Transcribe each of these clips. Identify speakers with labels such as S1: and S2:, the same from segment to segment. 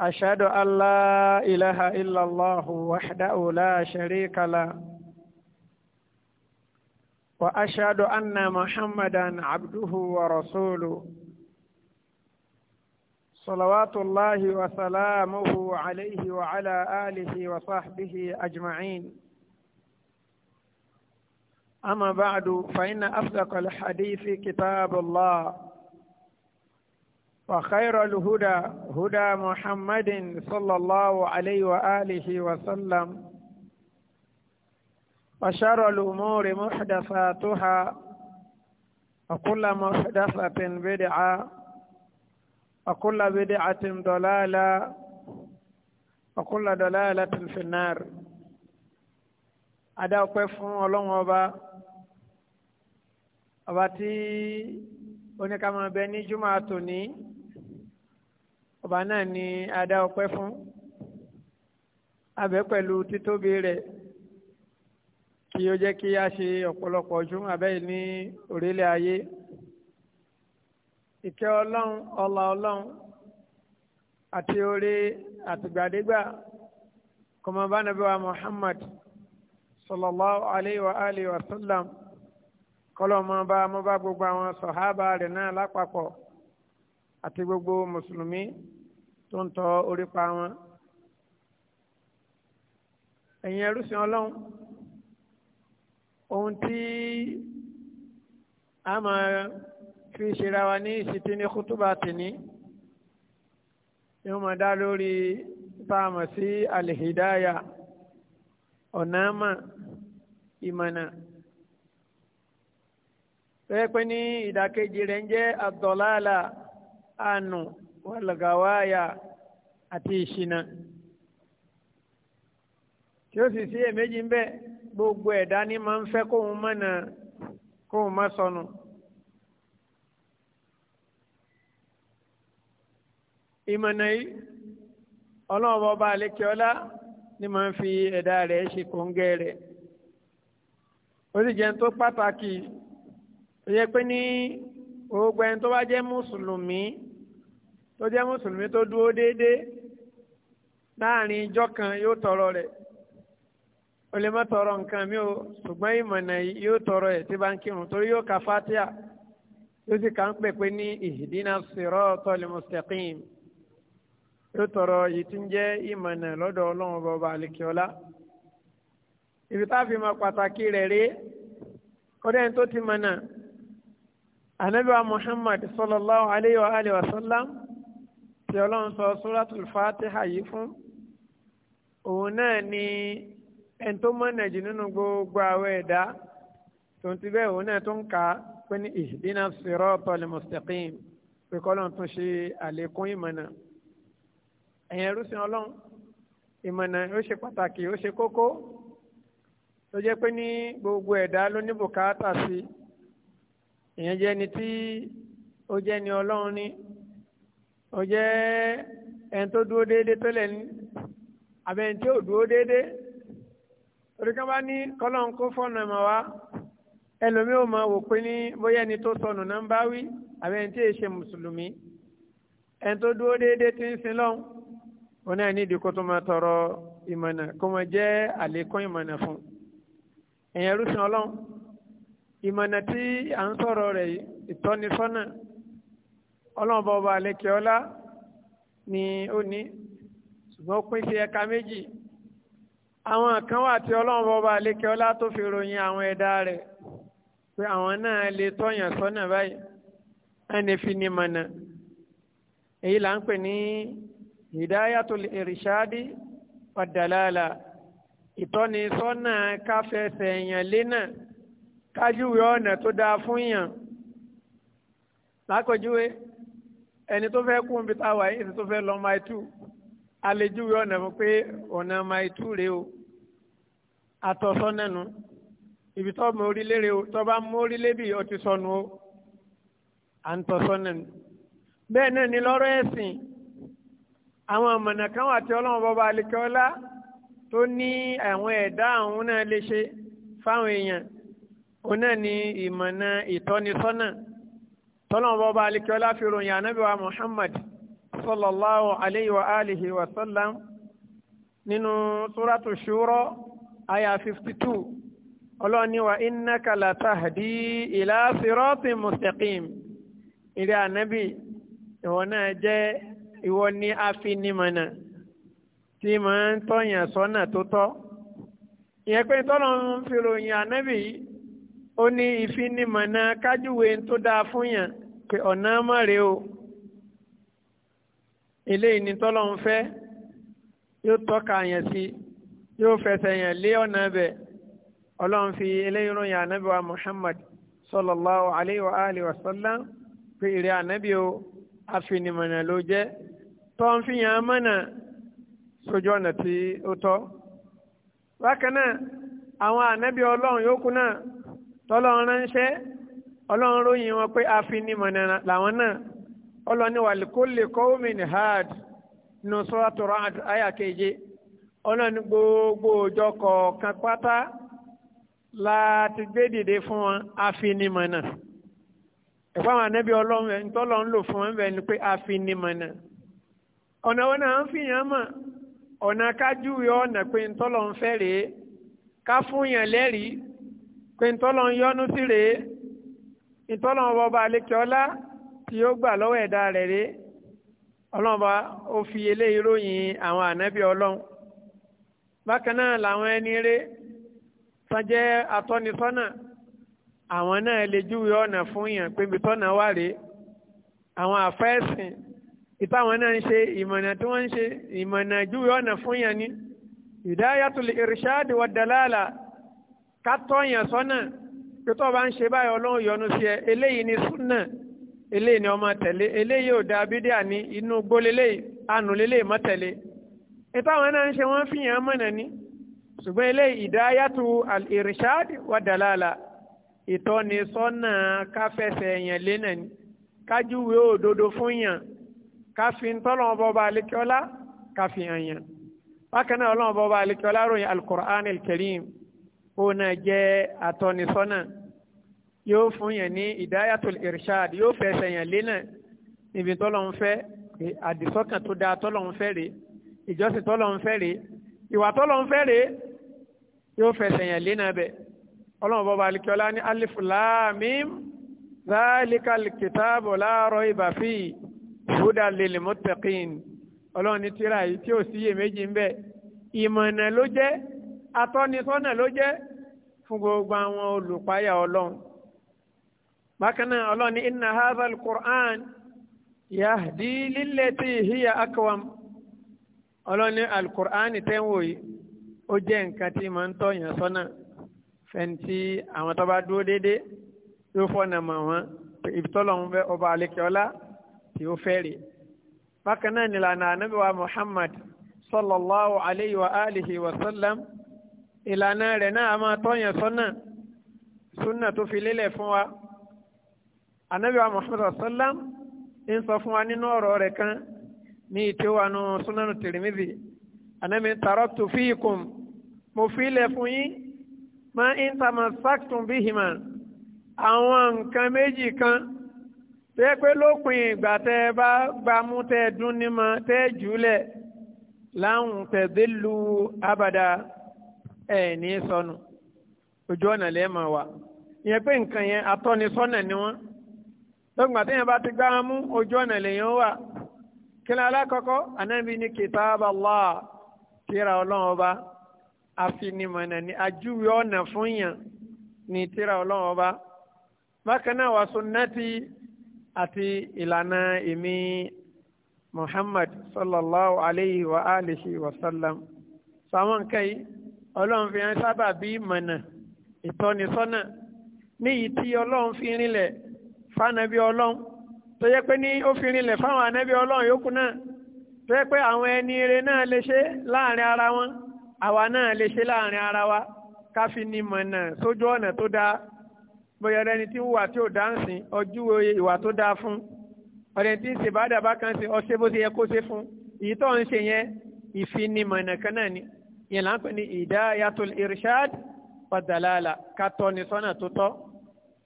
S1: أشهد أن لا إله إلا الله وحده لا شريك له وأشهد أن محمدا عبده ورسوله صلوات الله وسلامه عليه وعلى آله وصحبه أجمعين أما بعد فإن أصدق الحديث كتاب الله وخير الهدى هدى محمد صلى الله عليه وآله وسلم وشر الأمور محدثاتها وكل محدثة بدعة وكل بدعة ضلالة وكل ضلالة في النار هذا كفون ولون أبا أباتي oníkàmọ́ bẹ ní jùmọ̀ àtòní ọba náà ni adá ọpẹ́ fún abẹ́ pẹ̀lú títóbi rẹ̀ kí ó jẹ́ kí a ṣe ọ̀pọ̀lọpọ̀ ọdún abẹ́ yìí ní orílẹ̀ ayé ìkẹ́ ọlọ́run ọlá ọlọ́run àti orí àtìgbàdégbà kọmọba nàbí wa Muhammad sallallahu alayhi wa alihi wa sallam kọlọmọba mọba gbogbo àwọn sọhábà rẹ̀ náà lápapọ̀ àti gbogbo mùsùlùmí tó ń tọ orí pa wọn ẹ̀yin ẹrú sin ọlọ́run ohun tí a máa fi ṣera wa ní ìṣítí ní kútúbà tìní ni wọ́n máa dá lórí bá sí alìhídáyà ọ̀nàmà ìmọ̀nà bẹ́ẹ̀ pé ní ìdàkejì rẹ̀ ń jẹ́ àdọ̀láàlà àánú wàlgàwáyà. àti ìṣìnà tí ó sì sí èméjì ń gbogbo ẹ̀dá ni máa ń fẹ́ kóun na kóun má sọnù. ìmọ̀nà yìí ọlọ́run ọba àlékè ni máa ń fi ẹ̀dá rẹ̀ ṣe kòńgẹ́ rẹ̀ ó sì jẹ́ tó pàtàkì ó yẹ pé ní gbogbo ẹni tó bá jẹ́ mùsùlùmí tó jẹ́ mùsùlùmí tó láàrin ijọ́ kan yóò tọrọ rẹ̀ o lè má tọrọ nǹkan mi o ṣùgbọ́n ìmọ̀nà yóò tọrọ ẹ̀ tí bá ń kírun torí yóò ka fatia yóò sì kà ń pè pé ní ihdina siratal mustaqim yóò tọrọ yìí tí ń jẹ́ ìmọ̀nà lọ́dọ̀ ọlọ́run bọba àlekíọ́lá ibi tá a fi mọ pàtàkì rẹ̀ rèé kọ́dẹ́ ní tó ti mọ̀ anabiwa Muhammad sallallahu alayhi wa alihi wa sallam tí ọlọ́run sọ suratul fatiha yìí fún òun náà ni ẹni tó mọ̀nà jù nínú gbogbo àwọn ẹ̀dá tó ń ti bẹ́ẹ̀ òun náà tó ń kà á pé ní ihdina siratal mustaqim pé kọ́lọ́n tún ṣe àlékún ìmọ̀nà ẹ̀yìn ẹrúsìn ọlọ́run ìmọ̀nà ó ṣe pàtàkì ó ṣe kókó tó jẹ́ pé ní gbogbo ẹ̀dá ló ní bùkátà sí ìyẹn jẹ́ ni tí ó jẹ́ ni ọlọ́run ní. o jẹ́ ẹni tó dúró déédéé tó lẹ̀ ní àbẹ̀yìn tí ò dúró déédéé torí bá ní kọ́lọ́n kó fọ́nà mọ̀ wá ẹlòmíì ò mọ̀ wò pé ní bóyá ẹni tó sọnù náà ń bá wí tí mùsùlùmí ẹni tó dúró déédéé ti ń sin ni ó náà ní ìdí tó máa tọrọ ìmọ̀nà kó máa jẹ́ àlékún ìmọ̀nà fún ẹ̀yẹn ìmọ̀nà tí à ń sọ̀rọ̀ rẹ̀ ìtọ́nisọ́nà ọlọ́run bá ọba àlekẹ́ ọlá ni ó ní ṣùgbọ́n ó pín sí ẹ̀ka méjì àwọn kan wà tí ọlọ́run bá ọba àlekẹ́ ọlá tó fi ròyìn àwọn ẹ̀dá rẹ̀ pé àwọn náà lè tọ́yàn sọ́nà báyìí ẹni fi ni mọ̀nà èyí là ń pè ní hidayatul irishadi wadalala ìtọ́ni sọ́nà káfẹsẹ̀ èèyàn lẹ́nà kájúwe ọ̀nà tó dáa fún yàn lákòjúwe ẹni tó fẹ́ kún bí táwa yìí ẹni tó fẹ́ lọ máa tú àlejò yọ ọ̀nà fún pé ọ̀nà máa tú rèé o àtọ̀sọ́nà nu ibi tó mọ orílẹ̀ rèé o tó bá mọ orílẹ̀ bí ọtí sọnù o à ń tọ̀sọ́nà nu bẹ́ẹ̀ náà ni lọ́rọ̀ ẹ̀sìn àwọn àmọ̀nà kan wà tí ọlọ́run bọ́ba àlekẹ́ọ́lá tó ní àwọn ẹ̀dá àwọn náà lè ṣe fáwọn èèyàn òun náà ni ìmọ̀nà ìtọ́nisọ́nà tọ́lọ́n bọ́ bá alikẹ́ ọláfíìrún yà nábì wa muhammad sallallahu alayhi wa alihi wa sallam nínú suratu shura aya fifty two ọlọ́ni wa innaka la tahdi ila siratin mustaqim ìrẹ́ ànábì ìwọ náà jẹ́ ìwọ ní afinimọ̀nà tí máa ń tọ́yàn sọ́nà tó tọ́ ìyẹn pé tọ́lọ́n fi ròyìn ànábì yìí ó ní ìfinimọ̀nà kájúwe tó dáa fún yàn pé ọ̀nà mọ̀rẹ́ o eléyìí ni tọ́lọ́run fẹ́ yóò tọ́ka yẹn sí yóò fẹsẹ̀ yẹn lé ọ̀nà bẹ̀ ọlọ́run fi eléyìí ròyìn ànábì wa Muhammad sallallahu alayhi wa alihi wa sallam pé ìrẹ́ ànábì o àfinimọ̀nà ló jẹ́ tó ń fi yàn án sójú ọ̀nà tí ó tọ́ bákan náà àwọn ànábì ọlọ́run yòókù náà. tọ́lọ́run ránṣẹ́ ọlọ́run ròyìn wọn pé afinimọ̀nà làwọn náà ọlọ́ni wàlíkólè kọ́wọ́mìn hard nù sọ́ọ́tù rad àyà keje ọlọ́ni gbogbo òjọ kọ̀ọ̀kan pátá láti gbé dìde fún wọn afinimọ̀nà ẹ̀fọ́ àwọn anábì ọlọ́run ẹ̀ ń tọ́lọ́ ń lò fún wọn bẹ́ẹ̀ ni pé afinimọ̀nà ọ̀nà wọn náà ń fìyàn mọ̀ ọ̀nà kájú yọ ọ̀nà pé ń tọ́lọ́ ń fẹ́ rèé ká fún yàn lẹ́rìí pé ntọ́lọ̀ ń yọ́nú sí rèé ntọ́lọ̀ ń bọba àlekè ọlá tí ó gbà lọ́wọ́ ẹ̀dá rẹ̀ rèé ọlọ́mọba ó fi eléyìí ròyìn àwọn ànábì ọlọ́run bákan náà làwọn ẹni rè sanjẹ́ atọ́nisọ́nà àwọn náà lè júwe ọ̀nà fún yàn pé ibi tọ́nà wà àwọn àfẹ́sìn ìtàwọn náà ń ṣe ìmọ̀nà tí wọ́n ń ṣe ìmọ̀nà júwe ọ̀nà fún yàn ni ìdáyàtúlẹ̀ irṣáàdì wà dàlálà ká tọ́yàn sọ́nà pé tó bá ń ṣe báyọ̀ ọlọ́run yọ́nú sí ẹ eléyìí ni súnà eléyìí ni ọmọ tẹ̀lé eléyìí ò da bídíà ní inú gbólélẹ̀ àánú lélẹ̀ mọ́ tẹ̀lé ìtàwọn náà ń ṣe wọ́n fìyàn mọ̀nà ní ṣùgbọ́n eléyìí ìdáyàtú al-irshad wa dalala ìtọ́ni sọ́nà káfẹsẹ̀ èèyàn lẹ́nà ni kájúwe òdodo fún yàn káfíń tọ́lọ́wọ́n bọ́ba alẹ́kíọ́lá káfíń àyàn bákan náà ọlọ́wọ́n bọ́ba alẹ́kíọ́lá ròyìn al-Qur'an al-Karim òun náà jẹ́ atọ́nisọ́nà yóò fún yẹn ní ìdáyàtul irshad yóò fẹsẹ̀ yẹn lé náà níbi tọ́lọ́ ń fẹ́ àdìsọ́kàn tó dáa tọ́lọ́ ń fẹ́ rè ìjọsìn tọ́lọ́ ń fẹ́ rè ìwà tọ́lọ́ rè yóò fẹsẹ̀ yẹn lé náà bẹ̀ ọlọ́run bọ́ba alikiola ní alif laamim zalikal kitabu la raiba fi huda lil muttaqin ọlọ́run ní tíra yìí tí ń bẹ ìmọ̀nà ló jẹ́ atọ́nisọ́nà ló jẹ́ fún gbogbo àwọn olùpáyà ọlọ́run bákan náà ọlọ́run ní inna hadhal qur'an yahdi lillati hiya akwam ọlọ́run ní alukur'an tẹ́wọ̀ yìí ó jẹ́ nǹkan tí màá ń tọ́yàn sọ́nà fẹ́ntì àwọn tó bá dúró déédéé yóò fọ́nà mọ̀ wọ́n ìbítọ́lọ́hún fẹ́ ọba alẹ́kẹ́ọ́lá tí ó fẹ́ bákan náà nílànà anábìwá muhammad sallallahu alayhi wa alihi wa sallam ìlànà rẹ̀ náà a máa tọ́yàn sọ́nà súnà tó fi lélẹ̀ fún wa anabi muhammadu sallam ń sọ fún wa nínú ọ̀rọ̀ rẹ̀ kan ní ìtí wa nù súnánù tìrìmìzì anabi taraktu fiikum mo fi ilẹ̀ fún yín ma ń tamassaktum bihima àwọn nǹkan méjì kan tó yẹ pé lópin ìgbà tẹ bá gbámú tẹ dún ní ma tẹ jùlẹ̀ láwùn tẹ délùú abada ẹ̀ ní sọnù ojú ọ̀nà lẹ́ẹ̀mọ̀ wa ìyẹn pé nǹkan yẹn atọ́nisọ́nà ni wọ́n lọ́gbà tí yẹn bá ti gbá wọn mú ojú ọ̀nà lèyàn wà kílá alákọ̀ọ́kọ́ anábì ní kìtàbà Allah tíra ọlọ́run ọba afinimọ̀nà ni ajúwe ọ̀nà fún yàn ní tíra ọlọ́run ọba bákan náà wà sunnati àti ìlànà èmi Muhammad sallallahu alayhi wa alihi wa sallam sàwọn nǹkan yìí ọlọ́run fi hàn sábà bí ìmọ̀nà ìtọ́nisọ́nà ní ìyí tí ọlọ́run fi rinlẹ̀ fánábí ọlọ́run tó yẹ pé ní ó fi rinlẹ̀ fáwọn ànábí ọlọ́run yòókù náà tó yẹ pé àwọn ẹni ire náà lè ṣe láàrin ara wọn àwa náà lè ṣe láàrin ara wa ká fi ní mọ̀nà sójú ọ̀nà tó dáa bóyá ẹni tí ń tí ò dáǹsì ojú ìwà tó dáa fún ọ̀rẹ́ tí ń ṣèbádàbá kan sí ọṣẹ́ bó ṣe yẹ kó ṣe fún ìyí tó ń ṣe yẹn ìfinimọ̀nà kan náà ni yẹn là ń pè ní ìdáyàtul irshad padàlàlà kátọ́ ni sọ́nà tó tọ́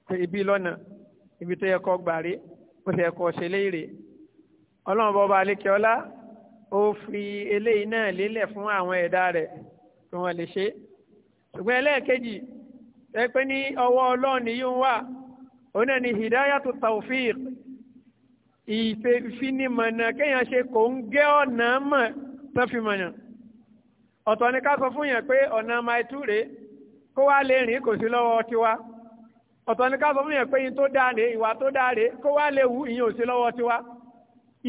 S1: pé ibi lọ́nà ibi tó yẹ kó gbàrí bó ṣe kó ṣe léèrè ọlọ́run bọba alekeola ó fi eléyìí náà lélẹ̀ fún àwọn ẹ̀dá rẹ̀ kí wọ́n lè ṣe ṣùgbọ́n ẹlẹ́ẹ̀kejì ẹ pé ní ọwọ́ ọlọ́run yìí ń wà òun náà ni hidayatu tawfiq ìfẹ́ ìfinimọ̀nà kéèyàn ṣe kò ń gé ọ̀nà mọ̀ tó fi mọ̀nà ọ̀tọ̀ ni ká sọ fún yẹn pé ọ̀nà mile two rèé kó wá lè rìn kò sí lọ́wọ́ tiwa ọ̀tọ̀ ni ká sọ fún yẹn pé yín tó dáa rèé ìwà tó dáa rèé kó wá lè wù ìyẹn ò sí lọ́wọ́ tiwa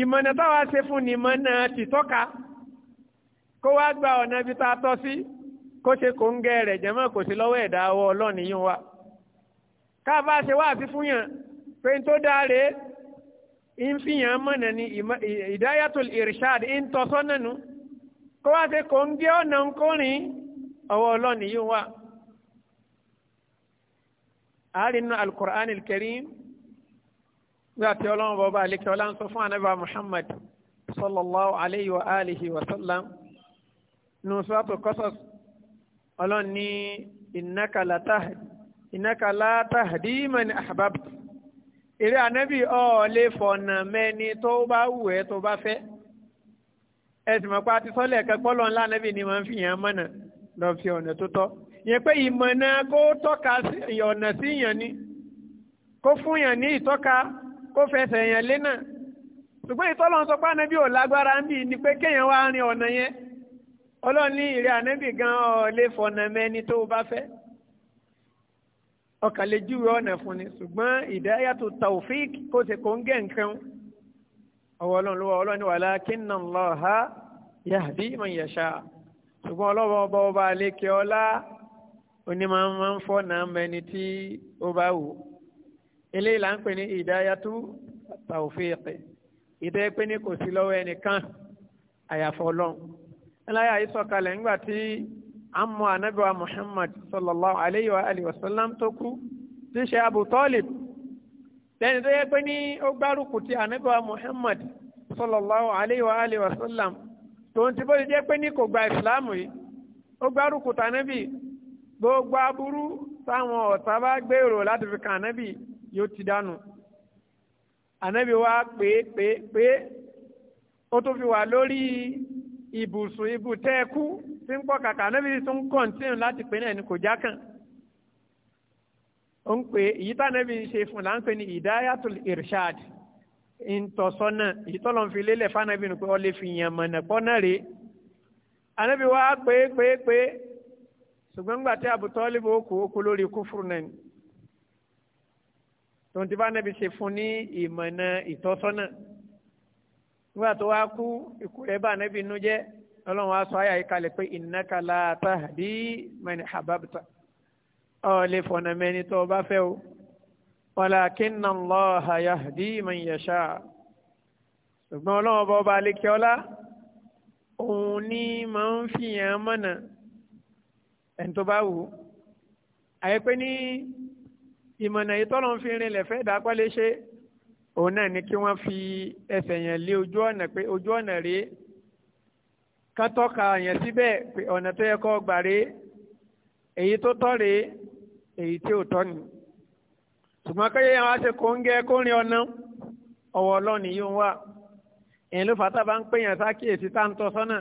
S1: ìmọ̀nà táwa ṣe fún ni ìmọ̀nà tìtọ́ka kó wá gba ọ̀nà ibi tá a tọ́ sí kó ṣe kò ń gẹ rẹ̀ jẹ́mọ́ kò sí lọ́wọ́ ẹ̀dá ọwọ́ ọlọ́ọ̀ni wa ká bá ṣe wá sí fún yàn pé tó dáa rèé ń fi yàn mọ̀nà ni ìdáyàtò ìrìṣàd ń kó wá ṣe kò ń gé ọ̀nà ń kórìn ọwọ́ ọlọ́ọ̀ni yìí wà. àárínú alukur'an karim gba ti ọlọ́run bọ́ba àlekẹ́ ọlá ń sọ fún anábà muhammad sallallahu alayhi wa alihi wa sallam nù sọ́tò kọ́sọ̀s ọlọ́run ní innaka la tahdi innaka la eré anábì ọ̀ọ́lẹ́ mẹ́ni tó bá wù ẹ́ tó bá fẹ́ ẹ̀sìn mọ̀pá àti sọ́lẹ̀ kẹ́kọ́lọ́ ńlá nẹ́bì ni wọ́n fi yàn mọ̀nà lọ fi ọ̀nà tó tọ́ yẹn pé ìmọ̀nà kó tọ́ka ọ̀nà sí yàn ni kó fún yàn ní ìtọ́ka kó fẹsẹ̀ yàn lé náà ṣùgbọ́n ìtọ́lọ́ sọ pé ànábì ò lágbára ń bì ní pé kéèyàn wá rin ọ̀nà yẹn ọlọ́run ní ìrẹ́ ànábì gan ọ̀ lè fọ̀nà mẹ́ni tó o bá fẹ́ ọkàn lè júwe ọ̀nà fún ni ṣùgbọ́n ìdáyàtò tàwùfíìkì kó ṣe kó ń gẹ̀ nǹkan ọwọ́ ọlọ́run ló wà ọlọ́run ní walakinna Allaha yahdi man yasha ṣùgbọ́n ọlọ́wọ́ ọba ọba àlékè ọlá onímọ̀ máa ń fọ́nà mẹni tí ó bá wù. eléyìí là ń pè ní ìdáyàtú tàwùfíìkì ìdẹ́ pé ní kò sí lọ́wọ́ ẹnìkan àyàfọ́ ọlọ́run. ẹláyà yìí sọ̀kalẹ̀ ńgbà tí àmọ́ Muhammad sallallahu alayhi wa sallam tó kú tí ṣe Abu Talib lẹ́ni tó yẹ pé ní ó gbárùkù ti wa Muhammad sallallahu alayhi wa alayhi wa sallam tòun ti bó ní kò gba ìsìláàmù yìí ó gbárùkù tànábì gbogbo aburú táwọn bá gbèrò láti fi ka anabi yóò ti dànù fi ó ń pè èyí tánàbí ṣe fún là ń pè ní ìdáyàtul irshad ntọ́sọ́nà èyí tọ́lọ́ fi lélẹ̀ fánàbí ni pé ọ lè fi yàn mọ̀nà pọ́nà rè ànábì wa pé pé pé ṣùgbọ́n gbà tí Abu Talib ó kó okó lórí kúfùrù náà ni tòun ti fánàbí ṣe fún ní ìmọ̀nà ìtọ́sọ́nà nígbà tó wá kú ikú rẹ̀ bá ànábì nú jẹ́ ọlọ́run wa sọ ayà yìí kalẹ̀ pé innaka la tahdi man ahbabta ọ lè fọ̀nà mẹ́ni tó o bá fẹ́ o walakinna Allaha yahdi man yasha ṣùgbọ́n ọlọ́wọ́ bá ọba alẹ́kẹ́ọ́lá òun ní máa ń fìyàn mọ̀nà ẹni tó bá wù ú àyẹ̀pẹ́ ní ìmọ̀nà ìtọ́nà fi rinlẹ̀ fẹ́ dápẹ́ lè ṣe òun náà ni kí wọ́n fi ẹsẹ̀ yẹn lé ojú ọ̀nà pé ojú ọ̀nà rèé kátọ́ka yẹn síbẹ̀ pé ọ̀nà tó yẹ kó gbà rèé èyí tó tọ́ rèé èyí tí ò tọ́ ni ṣùgbọ́n kéye àwọn aṣọ kò ń gẹ kó rin ọ̀nà ọ̀wọ́ ọlọ́ọ̀ni yóò wà èyí ló fàtà bá ń pè yàn sákìyèsí tá à ń tọ́ sọ́nà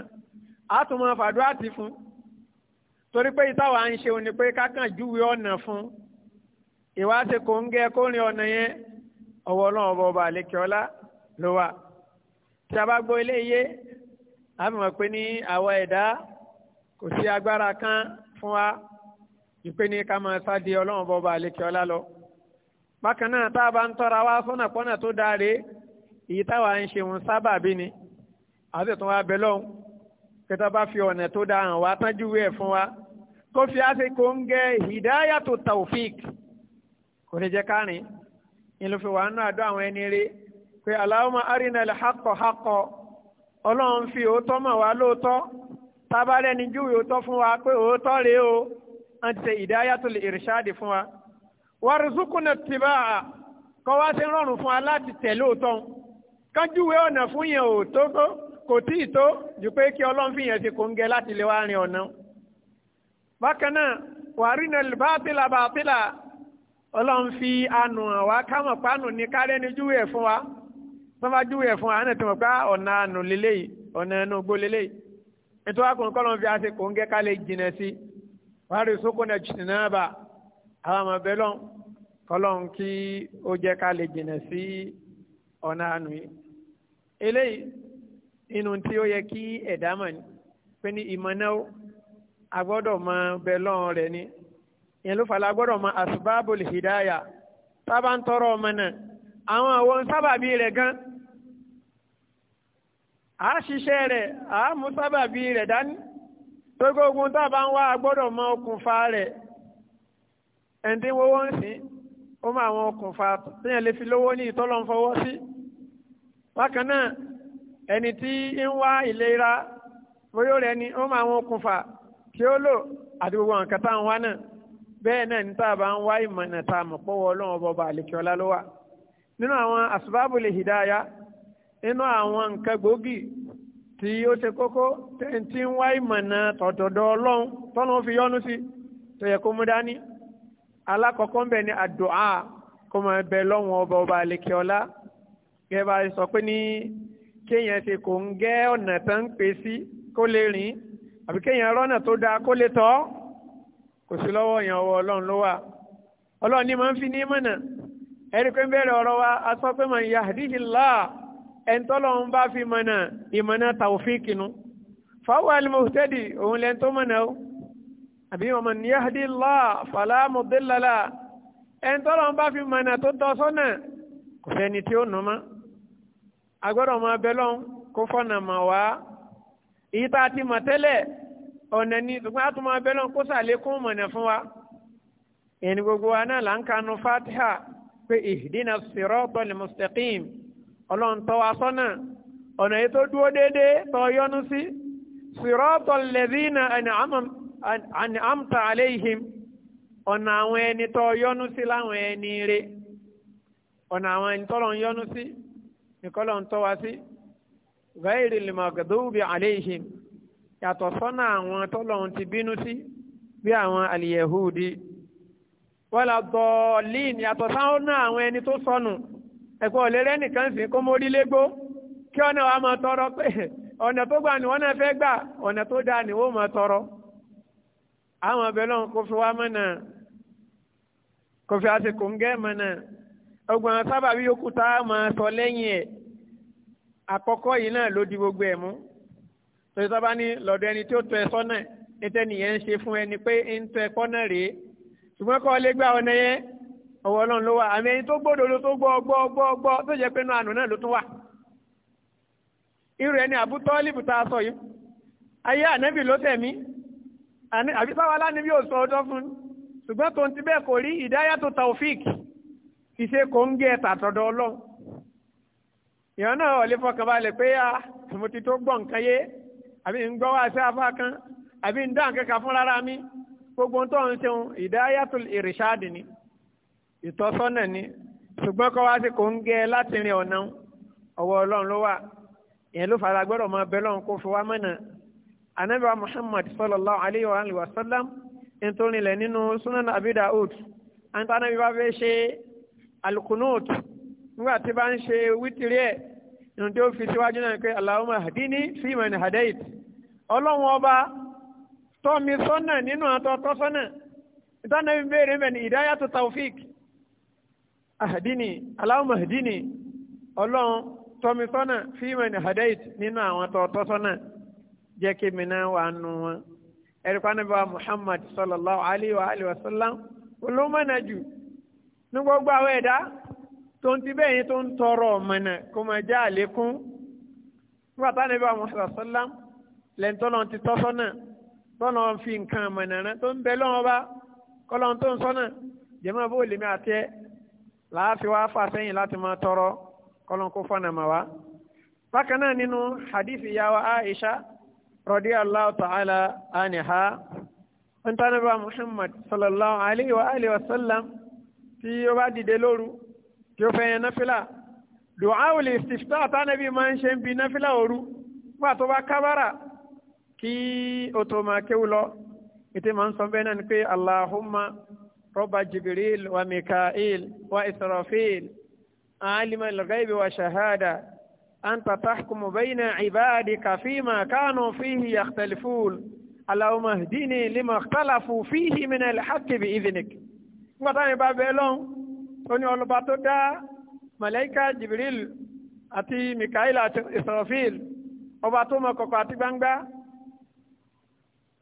S1: á tún mọ fàdúrà tì fún torí pé ìtawà ń ṣe òní pé kákan júwe ọ̀nà fún ìwà aṣọ ń gẹ kó ọ̀nà yẹn ọwọ́ ọlọ́run ọba ọba àlekè ló wà tí a bá gbọ́ ilé a mọ̀ pé ní àwa ẹ̀dá kò sí agbára kan fún wa ìpè ni ká máa ọlọ́run bọ́ba àlekè ọlá lọ. bákan náà tá a bá ń tọ́ra wá sọ́nà pọ́nà tó dáre èyí táwa ń ṣe wọn sábà bí ni àti tó wá bẹ lọ́hùn kẹta bá fi ọ̀nà tó hàn wá tánjú wẹ̀ fún wa kó fi àsìkò ń gẹ hidayatu tawfik kò ní jẹ́ kárìn ìlúfẹ́ àdó àwọn ẹni rí pé fi òótọ́ mọ̀ wá lóòótọ́ tábàlẹ́ni júwèé òótọ́ fún wa pé rèé o. wọ́n ti ṣe ìdáyàtòlè ìrìṣàdì fún wa wàrùsùkùnà tìbà kọ́ wá sí rọrùn fún wa láti tẹ̀lé òótọ́ kájúwe ọ̀nà fún yẹn ò tó tó kò tí ì tó jù pé kí ọlọ́run fi yẹn ti kò ń gẹ láti lè wá rin ọ̀nà bákan náà wàrínà bàtìlà bàtìlà ọlọ́run fi àánú hàn wá kámọ̀ pánù ní kárẹ́ ní júwe fún wa tó bá júwe fún wa àánú tó mọ̀ pé ọ̀nà àánú lélẹ́yìí ọ̀nà ẹnu gbó lélẹ́yìí ètò akùnkọ́ lọ́n fi àṣekò ń gẹ́ ká lè sí i warzuqna ijtinaba àwọn ọmọ bẹ́ẹ̀ lọ́n kọ́lọ́n kí ó jẹ́ ká lè jìnà sí ọ̀nà àánú yìí. eléyìí inú tí ó yẹ kí ẹ̀dá mọ̀ ma pé ní ni ìyẹn ló fàlà agbọ́dọ̀ mọ asbabul hidaya sábà ń tọrọ ọmọ náà àwọn àwọn gan a ṣiṣẹ́ rẹ̀ a mú sábàbí rẹ̀ dání. gbogbo ogun tá bá ń wá mọ okùnfà rẹ̀ ẹni wọ́n sí ó mọ àwọn okùnfà téèyàn lè fi lówó ní ìtọ́lọ́ fọwọ́ sí bákan náà ẹni tí ń wá ìlera bóyá rẹ̀ ni ó mọ àwọn okùnfà tí ó lò àti gbogbo nǹkan tá à ń wá náà bẹ́ẹ̀ náà ní tí ó ṣe kókó tí ń wá ìmọ̀nà tọ̀tọ̀dọ̀ ọlọ́run tọ́nà fi yọ́nu sí tó yẹ kó mú dání alákọ̀ọ́kọ́ ń bẹ̀ ní àdúà kó máa bẹ lọ́wọ́n ọba ọba àlekè ọlá gẹ́gẹ́ bá sọ pé ní kéèyàn kò ń gẹ́ ọ̀nà tán ń pè sí kó lè rìn àbí kéèyàn rọ́nà tó dáa kó lè tọ́ kò sí lọ́wọ́ ọwọ́ wa ẹ̀ńtọ́lọ́hún bá fi mọ̀nà ìmọ̀nà tàwọ́fíìkì nu fáwọn alimọ̀tẹ́dì òun lẹ́ń tó mọ̀nà o àbí ọmọ níyàdí lọ́ fàlámù délálà ẹ̀ńtọ́lọ́hún bá fi mọ̀nà tó tọ́ sọ́nà kò sẹ́ni tí ó nù mọ́ agbọ́dọ̀ máa bẹ lọ́hún kó fọ́nà mọ̀ wá èyí tá a ti mọ̀ tẹ́lẹ̀ ọ̀nà ni ṣùgbọ́n a tún máa kó ọlọ́run tọ́ wa sọ́nà ọ̀nà yìí tó dúró tọ́ yọ́nú sí sirọ́tọ̀ lẹ́dínà àni àmta àléhìm ọ̀nà àwọn ẹni tọ́ yọ́nú sí láwọn ẹni rẹ̀ ọ̀nà àwọn ẹni tọ́lọ̀ ń yọ́nú sí nìkọ́lọ̀ tọ́ wa sí ghairi limagadubi yàtọ̀ sọ́nà àwọn ti bínú sí bí àwọn wọ́n la dọ̀ọ́lìn ẹ̀kọ́ ọ̀lẹ́rẹ́ nìkan sì kó mórí légbó kí ọ̀nà wa máa tọrọ pé ọ̀nà tó gbà ní wọ́n náà fẹ́ gbà ọ̀nà tó dáa ní wọ́n máa tọrọ. àwọn ọbẹ̀ náà kò fi wá mọ́nà kò fi àsìkò ń gẹ́ mọ́nà ọgbọ̀n sábàbí yòókù tá a máa sọ lẹ́yìn ẹ̀ àkọ́kọ́ yìí náà ló di gbogbo ẹ̀ mú. tòṣì sábà ní lọ́dọ̀ ẹni tí ó tọ́ ẹ sọ́nà ẹtẹ́nìyẹn ń ṣe fún ẹni pé ń tọ́ ẹkọ́ náà rèé ṣùgbọ́n kọ́ ọ lé gbà ọ̀nà yẹn ọwọ́ ọlọ́run ló wà àmì ẹni tó gbọ́dọ̀ ló tó gbọ́ gbọ́ gbọ́ gbọ́ tó jẹ́ pé inú àánú náà ló tún wà irú ẹni Abu Talib tá a sọ yìí ayé ànábì ló tẹ̀mí àbí sáwa lánàbí ò sọ ọdọ́ fún ṣùgbọ́n tó ń ti bẹ́ẹ̀ kò rí ìdáyà tó taofik ìṣe kò ń gé ẹ̀tà tọ̀dọ̀ ọlọ́run ìyọ́n náà ò lè fọkàn balẹ̀ pé a ah, mo ti tó gbọ́ nǹkan yé àbí ń gbọ́ wá afá kan àbí ń dá nǹkan kan fún rárá mi gbogbo tó ń ṣeun ìdáyà tó ìrìṣáàdì ni. ìtọ́sọ́nà ni ṣùgbọ́n kọ́ wá sí kò ń gẹ láti rin ọ̀nà ọwọ́ ọlọ́run ló wà ìyẹn ló fara gbọ́dọ̀ máa bẹ lọ́run kó fi wá wa muhammad sallallahu alayhi wa alayhi wa sallam ntorinlẹ̀ nínú sunan abi daud àti bá fẹ́ ṣe alukunut nígbà tí bá ń ṣe wítìrí ẹ̀ nínú tí ó fi síwájú náà pé allahumma hadini fi man hadait ọlọ́run ọba tọ́ mi sọ́nà nínú àtọ́ tọ́ sọ́nà ìtànà mẹ́ni hidayatu tawfik àhàdínì aláwọ̀mọ̀ àhàdínì ọlọ́run tọ́mi sọ́nà fíìmọ̀ ní hadait nínú àwọn tọ́tọ́ sọ́nà jẹ́ kí mi náà wà nù wọn. ẹ̀ríkọ́ anábíwá Muhammad sallallahu alayhi wa alayhi wa sallam olómọ̀nà jù ní gbogbo àwọn ẹ̀dá tó ń ti bẹ́ẹ̀ yín tó ń tọrọ ọ̀mọ̀nà kó máa jẹ́ àlékún. nígbà táwọn anábíwá Muhammad sallam lẹ́ńtọ́lọ́n ti tọ́ sọ́nà tọ́lọ́n fi nǹkan ọ̀mọ̀nà tó ń bẹ lọ́wọ́ bá kọ́lọ́n tó ń sọ́nà jẹ́mọ́ bó lèmi àti ẹ́ láàfin wá fà sẹ́yìn láti máa tọrọ kọ́lọ́n kó fọ́nà mà wá. bákan náà nínú hadith ìyàwó aisha radiyallahu ta'ala anha ntánibà muhammad sallallahu alayhi wa alihi wa sallam tí ó bá dìde lóru tí ó fẹ́ yẹn náfìlà du'a wuli istifta àtànàbí máa ń ṣe ń bi náfìlà òru wà tó bá kábàrà kí o tó máa kéwù lọ ètè máa ń sọ bẹ́ẹ̀ náà ni pé allahumma. رب جبريل وميكائيل وإسرافيل عالم الغيب وشهادة أنت تحكم بين عبادك فيما كانوا فيه يختلفون اللهم اهدني لما اختلفوا فيه من الحق بإذنك وطاني بابلون وني أولو دا ملائكة جبريل أتي ميكائيل أتي إسرافيل وباتو مكوكو أتي بانبا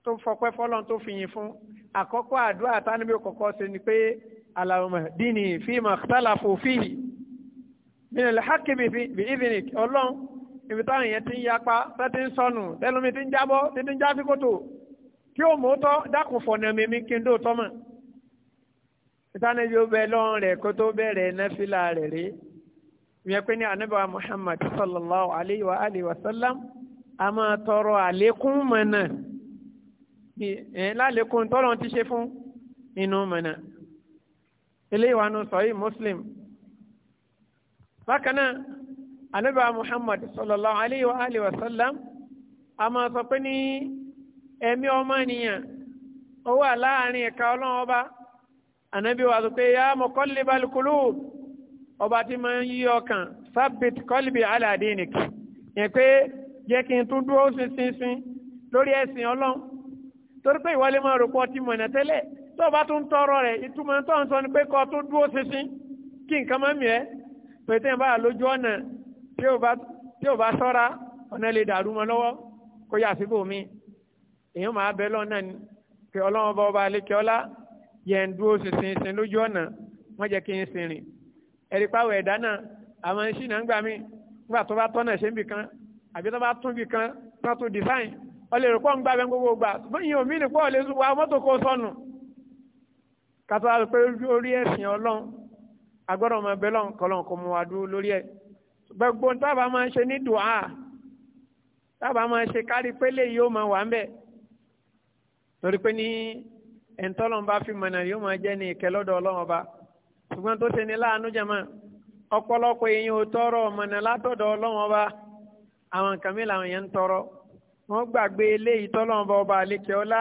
S1: tó fọpẹ́ fọ́lọ́n tó fi yìn àkọ́kọ́ àdúrà tánibi kọ̀kọ́ ṣe ni pé alahumma dini fima ikhtalafu fihi min alhaqqi bi idhnik ọlọ́run ibi táwọn èèyàn ti ń yapa tẹ́tí ń sọnù tẹ́lómi ti ń jábọ́ títí ń já sí kòtò kí o mọ̀ tọ́ dákun fọ̀nà mímí kí n dò tọ́ mọ̀ ìtànàbí ó bẹ lọ́rùn rẹ̀ kó tó bẹ̀rẹ̀ nẹ́fìlà rẹ̀ rí ìyẹn pé ní anábàá Muhammad sallallahu alayhi wa sallam a máa tọrọ àlékún mọ̀ náà lálẹ́kùn tọ́lọ́n ti ṣe fún inú mọ̀nà eléyìí wà nù sọ̀yí muslim bákan náà anábà muhammad sallallahu alayhi wa alihi wa sallam a máa sọ pé ní ẹ̀mí ọmọnìyàn ó wà láàrin ẹ̀ka ọlọ́run ọba anábì wà sọ pé ya muqallibal qulub ọba tí máa ń yí ọkàn sabbit qalbi ala dinik yẹn pé jẹ́ kí n tún dúró ṣinṣin lórí ẹ̀sìn ọlọ́run torí pé ìwọlé máa rò pọ̀ ti mọ̀nà tẹ́lẹ̀ tó o bá tún tọrọ rẹ̀ ìtumọ̀ tó ń sọ ni pé kọ́ tó dúró ṣinṣin kí nǹkan má mìíràn pété ń bá a lójú ọ̀nà tí ò bá sọ́ra ọ̀nà lè dàrú mọ́ lọ́wọ́ kó yà síbò mí èèyàn máa bẹ lọ́nà ni pé ọlọ́run bá ọba àlékè ọlá yẹn dúró ṣinṣin ṣin lójú ọ̀nà wọ́n jẹ́ kí n sin rìn ẹ̀rí pàwọ̀ ẹ̀dá náà àwọn ọlẹ́ rò pọ́ ń gbàgbẹ́ gbogbo gbà ṣùgbọ́n ìyẹn òmí nìpọ́ ọ̀lẹ́ wa mọ́tò kó sọnù kátó a pé orí ẹ̀sìn ọlọ́run agbọ́dọ̀ máa bẹ́ lọ́n kọ́lọ́n kó mu wa dúró lórí ẹ̀ gbogbo tábà máa ń ṣe ní dùá tábà máa ń ṣe kárí pé lè yóò máa wà ń bẹ̀ torí pé ní ẹ̀ńtọ́lọ́n bá fi mọ̀nà yóò máa jẹ́ ní ìkẹ́ lọ́dọ̀ ọlọ́run ṣùgbọ́n tó wọn gbàgbé eléyìí tọ́lọ́run bá ọba àlekè ọlá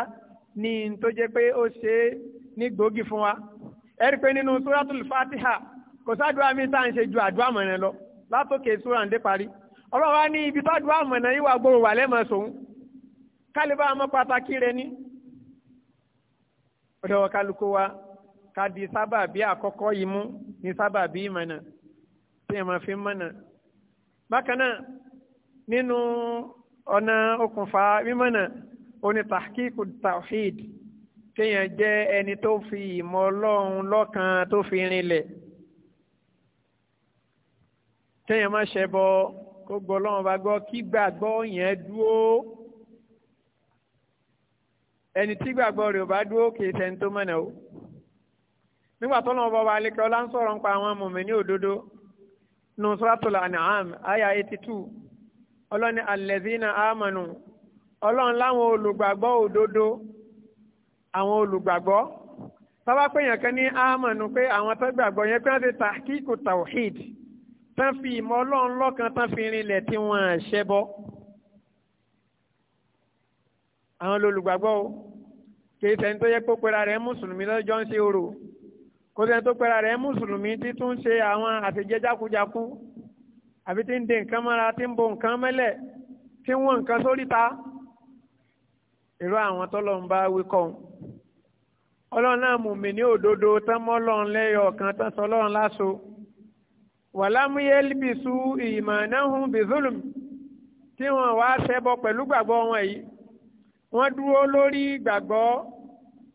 S1: ní tó jẹ́ pé ó ṣe é ní gbòógì fún wa ẹ rí i fatiha kò tá à ju àdúrà mọ̀nà lọ látòkè sóra ǹdẹ́ parí ọlọ́run wá ní ibi tó àdúrà mọ̀nà yìí wà gbòòrò wà lẹ́mọ̀ sòun kálíbà àmọ́ pàtàkì rẹ ní. ọ̀dọ̀ wa ká di sábà bí àkọ́kọ́ yìí mú ní sábà bí ọ̀nà okùnfà mímọ̀nà oní tahqiqu tawhid kéèyàn jẹ́ ẹni tó fi ìmọ̀ ọlọ́run lọ́kan tó fi rinlẹ̀ kéèyàn má ṣe bọ kó gbọ́ ọlọ́run bá gbọ́ kí gbàgbọ́ yẹn dúró ẹni tí gbàgbọ́ rẹ̀ ò bá dúró kì í tó mọ̀nà o nígbà tó lọ́wọ́ bọ́ba alẹ́kẹ́ ọlá ń sọ̀rọ̀ nípa àwọn mùmínì òdodo nù Suratul An'am àyà eighty two ọlọ́ni alẹ́zínà àmọ̀nù ọlọ́run láwọn olùgbàgbọ́ òdodo àwọn olùgbàgbọ́ sábà pé yàn kan ní àmọ̀nù pé àwọn tó gbàgbọ́ yẹn pé wọ́n ti tahqiqu tawhid tán fi ìmọ̀ ọlọ́run lọ́kan tán fi rinlẹ̀ tí wọ́n à ṣẹbọ àwọn olùgbàgbọ́ o kìí sẹ́ni tó yẹ kó pera rẹ̀ mùsùlùmí lọ́jọ́ ń ṣe orò kó sẹ́ni tó pera rẹ̀ mùsùlùmí títún ṣe àwọn àtẹ̀jẹ́ jákujáku àbí tí ń de nǹkan mọ́ra tí ń bo nǹkan mẹ́lẹ̀ tí ń wọ́n nǹkan sórí ta irú àwọn tọ́lọ́run bá wí kọ́ ọ́n ọlọ́run náà mú mi ní òdodo tán mọ́ ọlọ́run lẹ́yọ̀ ọ̀kan tán sọ ọlọ́run láṣọ wàlámúyé bìsú ìmọ̀nàhùn bìsúlùm tí wọ́n wá ṣẹbọ pẹ̀lú gbàgbọ́ wọn yìí wọ́n dúró lórí gbàgbọ́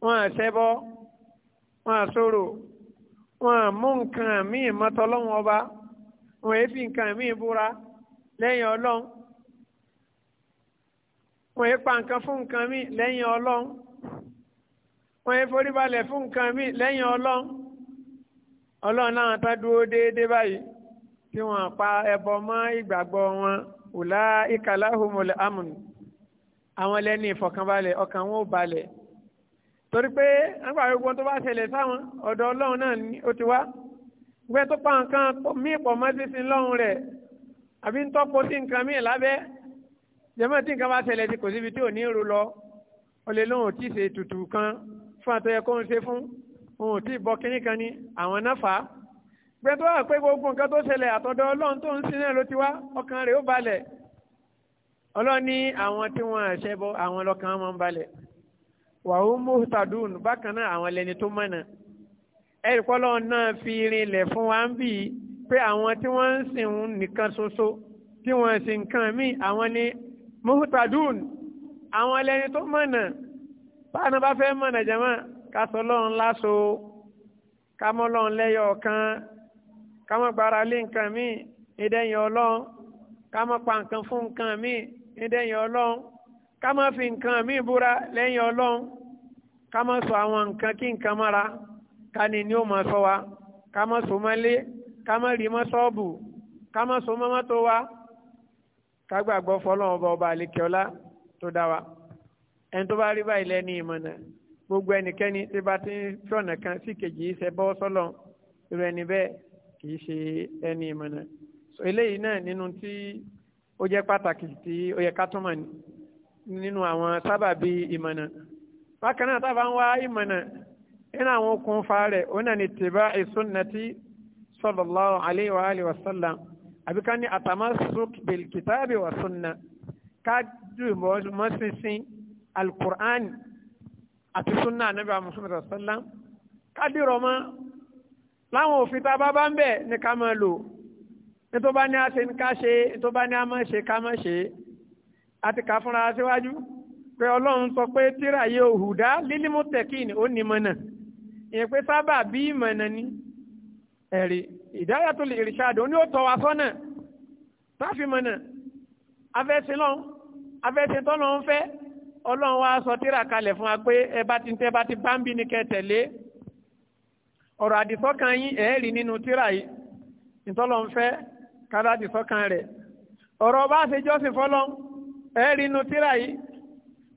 S1: wọn ṣẹbọ wọn sọ̀rọ̀ wọn mú nǹkan míì mọ́tọ́lọ́wọ́n ọba. wọn èéfì nkan mi bura lẹ́yìn ọlọ́run wọn fún nǹkan mi, lẹ́yìn ọlọ́run fún mi, lẹ́yìn náà dúró déédéé báyìí tí wọ́n pa ẹbọ mọ́ ìgbàgbọ́ wọn ọ̀la ìkàláhùmọ̀lẹ̀ amùn àwọn lẹ́ni ìfọ̀kànbalẹ̀ ọkàn wọn ò balẹ̀ torí pé nígbà gbogbo tó bá ṣẹlẹ̀ sáwọn ọ̀dọ̀ ọlọ́run náà ni ó gbé tó pa nǹkan mí pọ̀ mọ́ sísin lọ́rùn rẹ̀ àbí ń tọ́pọ̀ sí nǹkan mí lábẹ́ jẹ́mọ́ tí nǹkan bá ṣẹlẹ̀ tí kò síbi tí ò ní rú lọ ó lè lóhùn tí ṣe tutù kan fún àtọ́yẹ kó ń ṣe fún ohun tí bọ́ kínní kan ní àwọn náà fà á gbé tó wà pé gbogbo nǹkan tó ṣẹlẹ̀ àtọ̀dọ̀ ọlọ́run tó ń sin náà ló ti wá ọkàn rẹ̀ ó balẹ̀ ọlọ́run àwọn tí wọ́n àṣẹ bọ́ àwọn lọ́kàn wọn balẹ̀ wàhùn muhtadun bákan náà àwọn lẹni tó mọ̀nà ẹ̀rìkọ́lọ́ náà fi rinlẹ̀ fún wa ń bì í pé àwọn tí wọ́n ń sìn nìkan ṣoṣo tí wọ́n sì nǹkan míì àwọn ni muhtadun àwọn ẹlẹ́ni tó mọ̀nà báwọn bá fẹ́ mọ̀nà jẹ́mọ́ ká sọ lọ́run láṣọ ká mọ́ lọ́run lẹ́yọ̀ kan ká gbára lé nǹkan míì ìdẹ́yìn ọlọ́run ká pa nǹkan fún nǹkan míì ìdẹ́yìn ọlọ́run ká fi nǹkan míì búra lẹ́yìn ọlọ́run ká sọ àwọn nǹkan kí nǹkan mọ́ra. Kani ni ó máa sọ wa ká má so mọ́lé ká má rí mọ́ ṣọ́ọ̀bù ká má so mọ́ mọ́tò wa ká gbàgbọ́ fọlọ́run ọba ọba àlekẹ́ọ́lá tó dá wa ẹni tó bá rí báyìí lẹ́ni ìmọ̀nà gbogbo ẹnikẹ́ni tí bá ti ń fọ̀nà kan sí kejì yìí ṣe bọ́ sọ́lọ̀ irú ẹni bẹ́ẹ̀ kì í ṣe ẹni ìmọ̀nà so eléyìí náà nínú tí ó jẹ́ pàtàkì tí ó yẹ ká tún mọ̀ nínú àwọn sábàbí ìmọ̀nà bákan náà tábà ń wá ìmọ̀nà nínú àwọn okùnfà rẹ̀ ó náà ní tìbá ìsúnnàtì sallallahu alayhi wa alihi wa sallam àbí ká ní atamasuk bil kitabi wa sunna ká jù mọ́sísìn alukur'an àti sunna anabi muhammad sallam ká dìrọ̀ mọ́ láwọn òfin tá a bá bá ń bẹ̀ ní ká máa lò nítorí bá ní a ṣe ní ká ṣe nítorí bá ní a máa ṣe ká máa ṣe àti ká fúnra síwájú pé ọlọ́run sọ pé tíra yìí ò hùdá lílímù tẹ̀kín ó ìyẹn pé sábà bí ìmọ̀nà ni ẹ̀rí ìdáyàtọ̀ lè rí ṣáàdù ó ní ó tọ́ wa sọ́nà táfìmọ̀nà afẹ́sìnlọ́n afẹ́sìntọ́nà ń fẹ́ ọlọ́run wa sọ tíra kalẹ̀ fún wa pé ẹ bá ti tẹ́ bá ti bá ń bí ní kẹ tẹ̀lé ọ̀rọ̀ àdìsọ́kan yín ẹ̀ẹ́rì nínú tíra yìí ìtọ́lọ́ ń fẹ́ kára àdìsọ́kan rẹ̀ ọ̀rọ̀ bá ṣe jọ́sìn fọ́lọ́ ẹ̀ẹ́rì nínú tíra yìí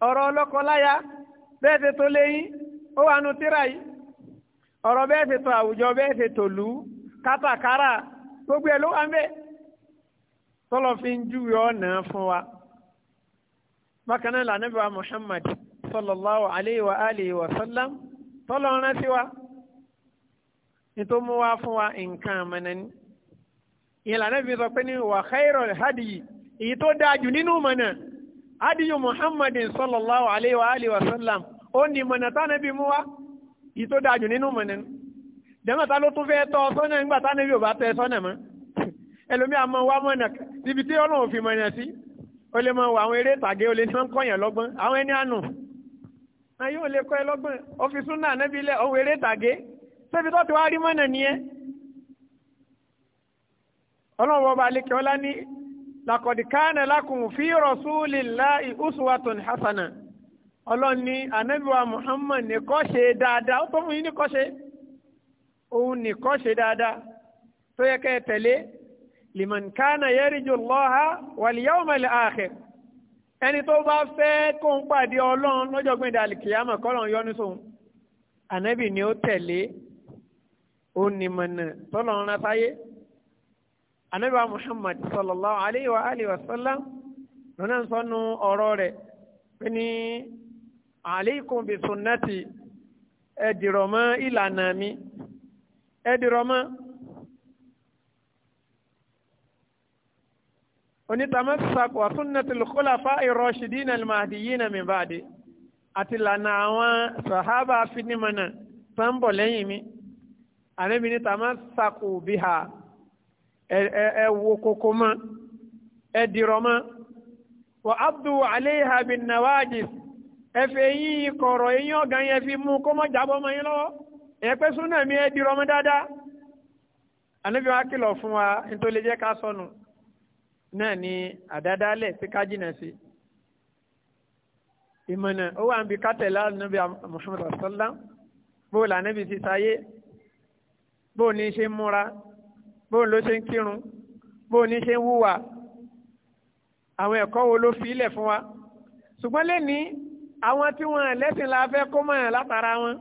S1: ọ̀rọ̀ ọlọ́kọ bẹ́ẹ̀ ṣe tó léyìn ó wà nínú tíra yìí ọ̀rọ̀ bẹ́ẹ̀ ṣe tó àwùjọ bẹ́ẹ̀ ṣe tòlú kátàkárà gbogbo ẹ̀ ló wà ń bẹ̀ tọ́lọ̀ fi ń júwe ọ̀nà fún wa. bákan náà lànà bá Muhammad sallallahu alayhi wa alihi wa sallam tọ́lọ̀ wa nítorí mú wá fún wa nǹkan àmàna ni. ìlànà bí sọ pé ní wà khairul hadiyi èyí tó dáa jù nínú mọ̀nà hadiyu Muhammadin sallallahu alayhi wa sallam ó ní mọ̀nà tánà mú wa ìtò dájú nínú mọ̀ nínú jẹ́mọ̀ ta ló tún fẹ́ tọ́ sọ́nà nígbà táwọn ẹbí ò bá tẹ sọ́nà mọ́ ẹlòmí àmọ́ wá mọ̀nà ibi tí ọlọ́run fi mọ̀nà sí o lè mọ àwọn eré ìtàgé o lè ní wọ́n kọ́yàn lọ́gbọ́n àwọn ẹni àánú ayé ò lè kọ́ ẹ lọ́gbọ́n ọ́fíìsì náà níbi ilẹ̀ ohun eré ìtàgé ṣébi tó ti wá rí mọ̀nà nìyẹn ọlọ́run bọ́ba alẹ́kẹ́ ọlá ọlọ́run ní anábíwá muhammad nìkọ́ ṣe dáadáa ó tó fún yín nìkọ́ ṣe òun nìkọ́ ṣe dáadáa tó yẹ kẹ́ ẹ tẹ̀lé limankana yẹ́rìjù lọ́ha wàlíyáwòmọ̀lẹ̀ ààkẹ́ ẹni tó bá fẹ́ kó ń pàdé ọlọ́run lọ́jọ́ gbẹ̀dẹ̀ àlìkìyàmọ̀ kọ́lọ́run yọ́nú sóun anábì ni ó tẹ̀lé òun ni mọ̀nà tọ́lọ́run rátáyé anábì muhammad sallallahu alayhi wa alihi wa sallam lọ́nà sọ́nu ọ̀rọ̀ rẹ̀ pé aleikum bi sunnati ẹ dìrọ̀ mọ́ ìlànà mi ẹ dìrọ̀ mọ́. onítàmọ́sàkù àsúnnàtì lùkúlàfà ìrọ̀ṣìdínà ìmàdìyínà min ba'di àti lànà àwọn sàhábà finimọ̀nà tó ń bọ̀ lẹ́yìn mi àníbi nítàmọ́sàkù biha ẹ wo kókó mọ́ ẹ dìrọ̀ mọ́ wa abdu alayha bin nawajis ẹ̀fẹ̀ yín kọ̀rọ̀ eyín ọ̀gá yẹn fi mú kó mọ́ jábọ́ ọmọ yín lọ́wọ́ ẹ̀ pé súnà mi ẹ̀ dirọ́ ọmọ dáadáa ànábi wa kìlọ̀ fún wa nítorí jẹ́ ká sọnù náà ni àdádálẹ̀ tí ká jìnà sí ìmọ̀nà ó wà ń bi kátẹ̀lá ànábi Muhammad sallam bó la ànábi ti sáyé bó ní ṣe ń múra bó ló ṣe ń kírun bó ní ṣe ń wúwa àwọn ẹ̀kọ́ wo ló fi ilẹ̀ fún wa ṣùgbọ́n lẹ́nìí àwọn tí wọ́n lẹ́sìn la fẹ́ kó mọ̀ látara wọn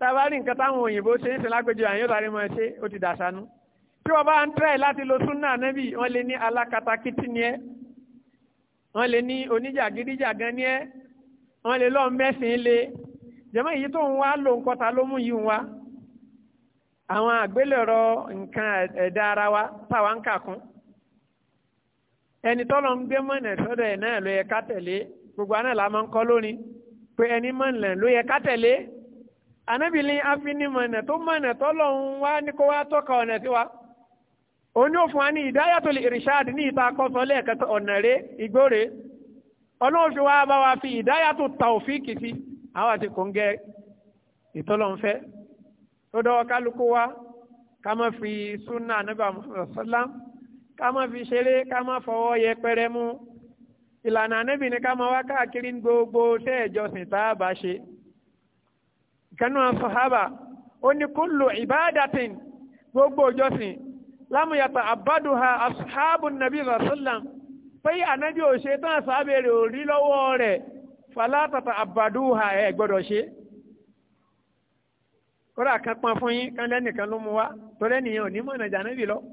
S1: tabari nǹkan táwọn òyìnbó ṣe ń sin lágbèjọ àyàn tàbí máa ṣe ó ti dàṣánú tí wọ́n bá ń tẹ̀ láti lo súnà nẹ́bì wọ́n lè ní alákatakítí ni ẹ́ wọ́n lè ní oníjàgídíjàgan ni ẹ́ wọ́n lè lọ́ọ́ mẹ́sìn lé jẹ́mọ́ èyí tó ń wá lò nǹkan ta ló mú yìí ń wá àwọn àgbélẹ̀rọ nǹkan ẹ̀dá ara wa táwa ń kà kún ẹni tọ́lọ́ ń gbé mọ́nà sọ́dọ̀ ẹ̀ náà ló yẹ ká tẹ̀lé gbogbo àná la máa ń kọ́ lónìí pé ẹni mọ̀nà ló yẹ ká tẹ̀lé anábìlín afinimọ̀nà tó mọ̀nà tó lọ́hùn wá ní kó wá tọ́ka ọ̀nà sí wa òní òfin wa ní ìdáyàtò lè irishad ní ìta akọ́sọ lẹ́ẹ̀kan ọ̀nà rẹ̀ ìgbóre ọlọ́run fi wá bá wa fi ìdáyàtò tàòfíìkì sí àwọn àti kòńgẹ́ ìtọ́lọ́nfẹ́ tó dọ́wọ́ kálukú wa ká má fi súnà anábà sọ́lá ká má fi ṣeré ká má fọwọ́ yẹpẹrẹ mú ìlànà ànábì ni ká máa wá káàkiri gbogbo tẹ́ ìjọsìn tá a bá ṣe ìkànnì àwọn sọ̀hábà ó ní kullu ìbáàdàtìn gbogbo ìjọsìn lámùyàtà àbádùhà àṣàbù nàbí rasulam pé ànábì ò ṣe tán àṣàbẹ̀rẹ̀ ò rí lọ́wọ́ rẹ̀ falátàtà àbádùhà ẹ̀ gbọ́dọ̀ ṣe kódà kan pọn fún yín kán lẹ́nìkan ló mú wá torí ẹnìyàn ò ní mọ̀nà jàǹdàbì lọ́wọ́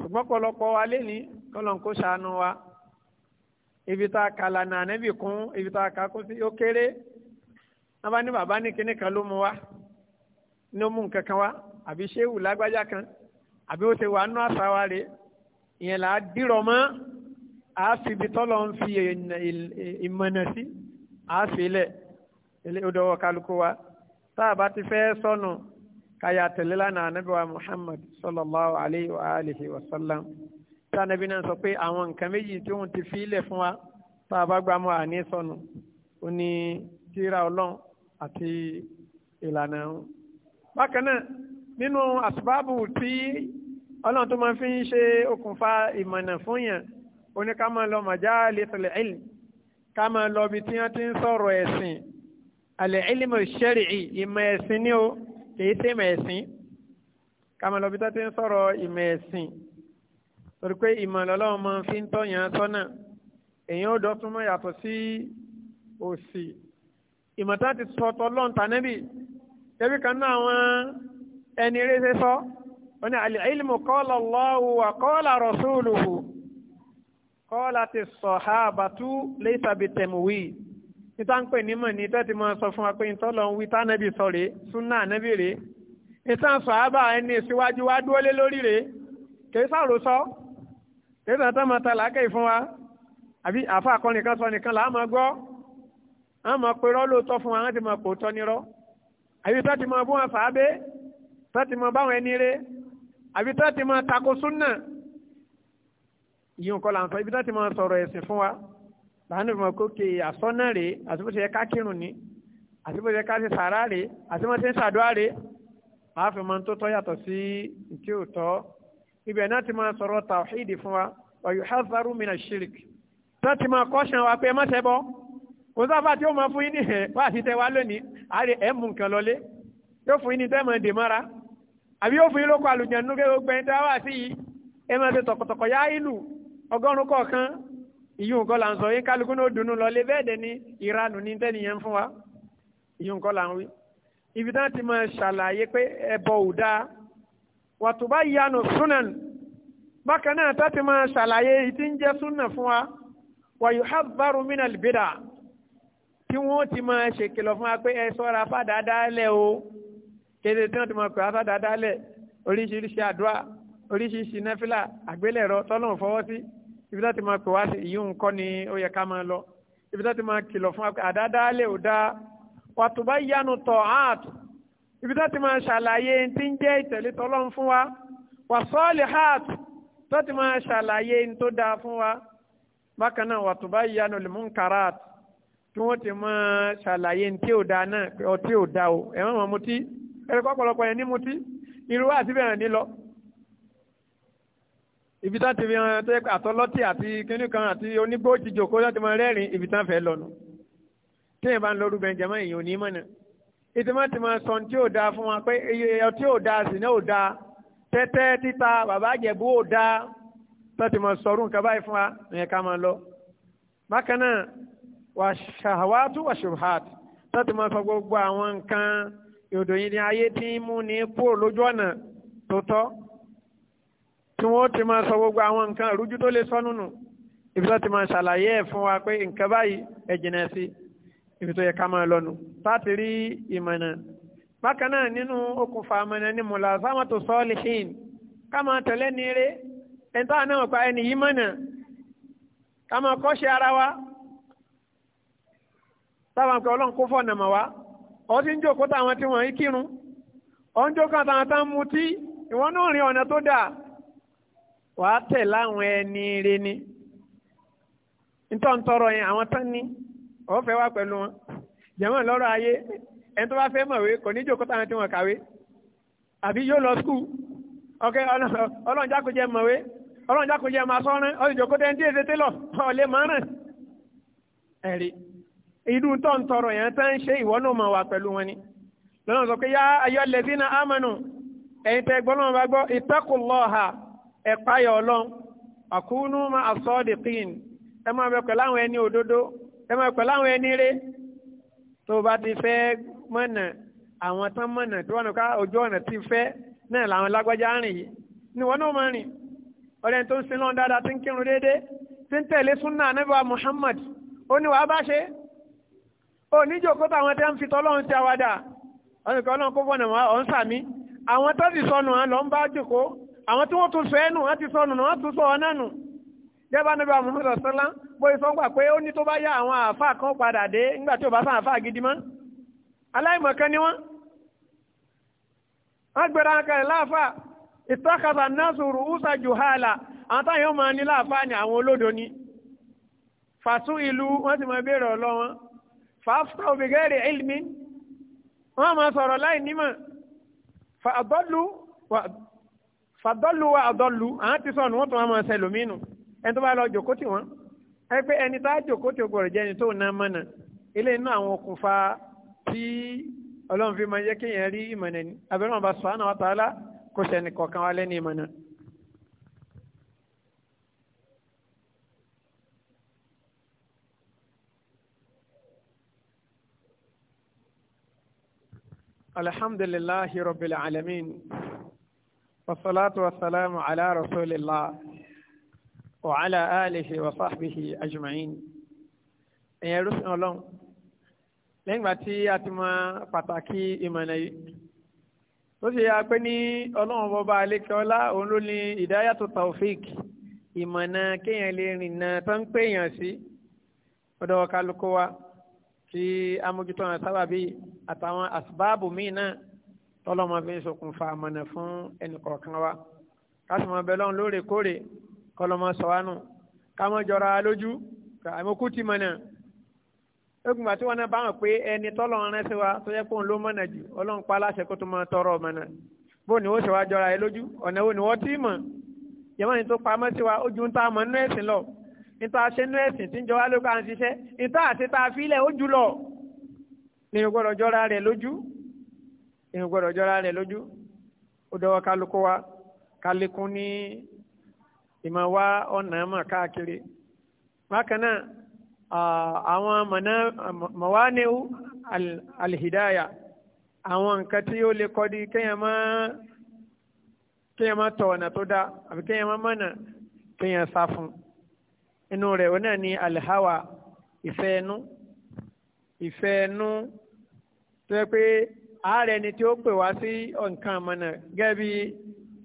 S1: ṣùgbọ́n pọ̀lọpọ̀ wa lé ní kọ́lọ́n kó ṣàánú wa ibi tá a kà lànà ànẹ́bì kún ibi tá a kà kún sí ó kéré wọn ní bàbá ní kinní kan ló mú wa ní ó mú nǹkan kan wa àbí ṣéwù lágbájá kan àbí ó ti wà nú àṣà wa rè ìyẹn là á dìrọ̀ mọ́ a fi ibi tọ́lọ̀ ń fi ìmọ̀nà sí a fi lẹ̀ ó dọwọ́ kálukú wa tá a bá ti fẹ́ sọnù káyà tẹ̀lé lánàá anábíwá Muhammad sallallahu alayhi wa alihi wa sallam tá anábí náà sọ pé àwọn nǹkan méjì tí òun ti fi ilẹ̀ fún wa tá a bá gbà mọ́ àní sọnù ó ní tíra ọlọ́run àti ìlànà ọ̀hún. bákan náà nínú àsùbáàbù tí ọlọ́run tó máa fi ń ṣe okùnfà ìmọ̀nà fún yàn oní ká máa lọ majalisul ilm ká máa lọ ibi tí wọ́n ti ń sọ̀rọ̀ ẹ̀sìn al-ilmu shar'i ìmọ̀ ẹ̀sìn ni o kìí ṣe ìmọ̀ ẹ̀sìn kàmọ́lọ́bí tó ti ń sọ̀rọ̀ ìmọ̀ ẹ̀sìn torí pé ìmọ̀ lọ́lọ́run máa fi ń tọ̀yàn sọ́nà èèyàn ó dọ́tún mọ́ yàtọ̀ sí òsì ìmọ̀ tá ti sọ tọ́lọ́n tànẹ́bì ẹbí kan náà wọn ẹni eré sọ wọn ni al-ilmu qala Allahu wa qala rasuluhu qala ti sahabatu laysa bitamwid níta ń pè nímọ̀ ní tẹ́tí máa sọ fún wa pé ìtọ́lọ̀ ń wí tánẹ́bì sọ rèé súnà ànẹ́bì rèé ìtàn sàábà ẹni síwájú wa dúró lé lórí rèé kì í sàrò sọ kì í sàn tán máa ta làákẹ́ fún wa àbí àfa akọni kan sọ nìkan là á máa gbọ́ á máa pe rọ́ lóòótọ́ fún wa á ti máa kò tọ́ nírọ́ àbí tẹ́tí máa bú wọn sàábé tẹ́tí máa báwọn ẹni rèé àbí tẹ́tí máa tako súnà ìyókọ̀ là ń ibi tẹ́tí máa sọ̀rọ̀ ẹ̀sìn fún wa. làánú fún ọkọ kè àsọ́nà rèé àti bó ṣe ni àti bó ṣe ká ṣe sàrá rèé àti bó ṣe ń ṣàdúrà rèé màá fi máa ń tó tọ́ yàtọ̀ sí ìtí òótọ́ ibẹ̀ náà ti máa sọ̀rọ̀ tàwíìdì fún wa ọ̀yọ̀ hazaru ti ma kọ́ṣán wa pé ẹ má ṣe bọ́ kò sáfà tí ó máa fún yín ní ẹ̀ wá àti tẹ ìyún kọ́ là ń sọ yín kálukú ní ó dùnnú lọlé bẹ́ẹ̀ dẹ̀ ni ìranù ní tẹ́nìyẹn ń fún wa ìyún kọ́ là ń wí. ibi tí wọ́n ti máa ṣàlàyé pé ẹbọ ò dáa wàtúbá yanu sunan bákan náà tó ti máa ṣàlàyé ìtí ń jẹ́ sunan fún wa wàyù habbaru minal bida tí wọ́n ti máa ṣèkìlọ̀ fún wa pé ẹ sọ́ra fàdáadáa lẹ̀ o kéde tí wọ́n ti máa pè wá fàdáadáa oríṣiríṣi àdúrà oríṣiríṣi náfìlà àgbélẹ̀rọ tọ́lọ́ fọwọ́ sí ibi tá ti máa pè wá sí ìyí nǹkan ni ó yẹ ká máa lọ ibi tá ti máa kìlọ̀ fún àdádáálẹ̀ ò dáa wàtúbá yánu tọ̀ áàtù ibi tá ti máa ṣàlàyé tí ń jẹ́ ìtẹ̀lé tọ́lọ́run fún wa wàsọ́ọ̀lì áàtù tó ti máa ṣàlàyé tó dáa fún wa bákan náà wàtúbá yánu lèmúnkàrà áàtù tí wọ́n ti máa ṣàlàyé tí ò dáa náà ọtí ò dáa o ẹ̀wọ̀n mọ̀ ibi tá ti fi hàn tó yẹ pé àtọlọ́tì àti kínní kan àti onígbó ti jòkó láti máa rẹ́rìn ibi tá fẹ́ lọ nù téèyàn bá ń lọ́rù bẹ́ẹ̀ jẹ́mọ́ èèyàn ò ní mọ̀nà ìtìmọ́ ti máa sọ tí ò dáa fún wa pé ọtí ò dáa sì náà ò dáa tẹ́tẹ́ títa bàbá àjẹ̀bú ò dáa tó ti máa sọ̀rọ̀ nǹkan báyìí fún wa ìyẹn ká máa lọ. bákan náà wà ṣàwátú wà ṣùbhàt tó ti máa sọ gbogbo àwọn nǹkan ìròyìn tí wọ́n ti máa sọ gbogbo àwọn nǹkan rújú tó lè sọ nínú ibi tó ti máa ṣàlàyé ẹ̀ fún wa pé nǹkan báyìí ẹ jìnà sí ibi tó yẹ ká máa lọ́nu láti rí ìmọ̀nà bákan náà nínú okùnfà àmọ̀nà ni mùlá sámọ́tò sọ́ọ́lìhìn ká máa tẹ̀lé ní eré ẹni táwọn náà pa ẹni yìí mọ̀nà ká máa kọ́ṣe ara wa táwọn pé ọlọ́run kó fọ̀nà mọ̀ wá ọ́ ti ń jókòó táwọn tí wọ́n ń kírun ọ́ ń jókòó wàá tẹ̀ láwọn ẹni rẹ ni ntọ́ntọ́rọ yẹn àwọn tán ní ọ̀fẹ́ wà pẹ̀lú wọn jẹ̀mọ́ lọ́rọ̀ ayé ẹni tó bá fẹ́ mọ̀wé kò ní jòkó táwọn tí wọ́n kàwé àbí yóò lọ skul ọkẹ ọlọ́njákojẹ mọ̀wé ọlọ́njákojẹ máa sọ́rán ọ̀dìjòkó tẹ́ ń tí èsè ẹ̀rí irú ntọ́ntọ́rọ yẹn tán ṣe náà mọ̀ pẹ̀lú wọn ni lọ́nà sọ pé yá lẹ́sìn náà ẹ̀yin tẹ́ gbọ́ ẹ̀páyọ̀ ọlọ́run àkúnú ma àsọ́ọ̀dìkín ẹ máa bẹ pẹ̀lú àwọn ẹni òdodo ẹ máa pẹ̀lú àwọn ẹni rẹ tó o bá ti fẹ́ mọ̀nà àwọn tán mọ̀nà tí wọ́n nù ká ojú ọ̀nà ti fẹ́ náà làwọn lágbájá rìn yìí ni wọ́n náà máa rìn ọ̀rẹ́ tó ń sin lọ́n dáadáa tí ń kírun déédé tí ń tẹ̀lé súnà anábíwá Muhammad ó ní wàá bá ṣe ó ní jòkó táwọn tẹ́ ń fi tọ́lọ́run ti àwàdà ọ̀nìkan náà kó fọ̀nà wọn ọ̀ sàmí àwọn tó ti sọnù hàn lọ́ bá jòkó àwọn tí wọ́n tún sọ ẹnu wọ́n ti sọ ọ̀nà wọ́n tún sọ ọ̀nà nù jẹ́bá níbi àwọn ọmọdé ọ̀sánlá bóyá sọ gbà pé ó ní tó bá yá àwọn àáfàá kan padà dé nígbà tí ò bá sàn àáfàá gidi mọ́ aláìmọ̀kan ni wọ́n wọ́n gbéra wọn kalẹ̀ láàfàá ìtọ́kasà násùrù úsà jùhálà àwọn táyọ̀ máa ní láàfàá ni àwọn olódo ni fàṣù ìlú wọ́n sì máa béèrè ọ̀lọ́ wọn fàáfà òbígẹ́rì ilmi wọ́n máa sọ̀rọ̀ láì nímọ̀ fàbọ́lù fàdọ́lù wa àdọ́lù àwọn ti sọnù wọ́n tún wọn máa ṣe lòmínú ẹni tó bá lọ jòkó tì wọ́n ẹni pé ẹni tá a jòkó tì ògbọ̀rọ̀ jẹ́ ẹni tó ná mọ́nà ilé inú àwọn okùnfà tí ọlọ́run fi máa jẹ́ kéèyàn rí ìmọ̀nà ni abẹ́rẹ́ wọn bá subhanahu wa ta'ala kó ṣẹni kọ̀ọ̀kan wa lẹ́ni ìmọ̀nà. alhamdulillahi rabbil alamin. والصلاة والسلام على رسول الله وعلى آله وصحبه أجمعين ẹ̀yẹ rúfin ọlọ́run lẹ́yìn ìgbà tí a ti mọ pàtàkì ìmọ̀nà yìí tó ṣe ya pé ní ọlọ́run bọba alekeọlá òun ló ní ìdáyàtò taofik ìmọ̀nà kéèyàn lè rìnnà tó ń pèèyàn sí ọ̀dọ̀ kálukú wa kí amójútó àwọn sábàbí àtàwọn àsìbáàbù míì náà tọ́lọ́mọ fi ń ṣokùnfà àmọ̀nà fún ẹnìkọ̀ọ̀kan wa kásìmọ̀ bẹ́ẹ̀ lọ́n lóòrèkóòrè kọlọ́mọ sọ̀wánù kámọ́ jọra lójú àmọ́kú ti mọ̀nà egungun àti wọn bá hàn pé ẹni tọ́lọ̀ rán sí wa tó yẹ kó ń ló mọ̀nà jù ọlọ́run pa aláṣẹ kó tó máa tọrọ mọ̀nà bó ni ó ṣe wá jọra ẹ lójú ọ̀nà wo ni wọ́n ti mọ̀ yẹ́mọ́ ni tó pamọ́ sí wa ó ju ń ta mọ̀ nínú ẹ̀sìn lọ níta ṣe nínú tí ń jọwá ló ká ń ṣiṣẹ́ níta àti ta fílẹ̀ ó lọ ni ó gbọ́dọ̀ jọra rẹ̀ lójú ìhun gbọ́dọ̀ jọra rẹ̀ lójú ó dọwọ́ kálukú wa kálékún ní ìmọ̀ wá ọ̀nà mọ̀ káàkiri bákan náà àwọn mọ̀wánìú alìhìdáyà àwọn nǹkan tí ó lè kọ́ di kéèyàn máa tọ̀ ọ̀nà tó dáa àbí kéèyàn máa mọ̀nà kéèyàn sá fún inú rẹ̀ òun náà ni alìháwà ìfẹ́ ẹnu ìfẹ́ ẹnu tó yẹ pé ààrẹ ẹni tí ó pè wá sí nǹkan àmọ́nà gẹ́gẹ́ bí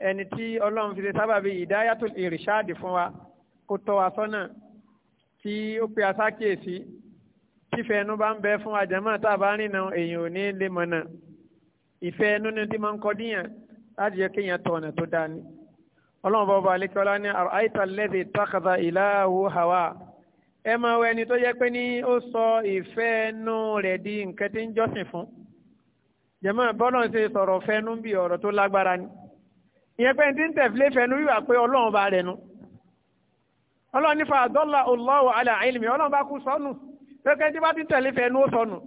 S1: ẹni tí ọlọ́run fi ṣe bí ìdáyàtò ìrìṣáàdì fún wa kó tọ́ wa sọ́nà tí ó pe asákèésí tífẹ́ ẹnu bá ń bẹ fún àjẹmọ́ tá a bá rìnà èèyàn ò ní lè mọ̀nà ìfẹ́ ẹnu ni tí máa ń kọdíyàn láti kéèyàn tọ̀ ọ̀nà tó dáa ni. ọlọ́run sọ ìfẹ́ ẹnu di nǹkan tí fún jẹ̀mọ́ bọ́lọ́n ṣe sọ̀rọ̀ fẹ́nu bí ọ̀rọ̀ tó lágbára ni ìyẹn pé ti ń tẹ̀fílé fẹ́nu wíwà pé ọlọ́run bá rẹ̀ nu ọlọ́run nífa àdọ́là Allahu ala ilmi ọlọ́run bá kú sọnù pẹ́kẹ́ tí bá ti tẹ̀lé fẹ́nu ó sọnù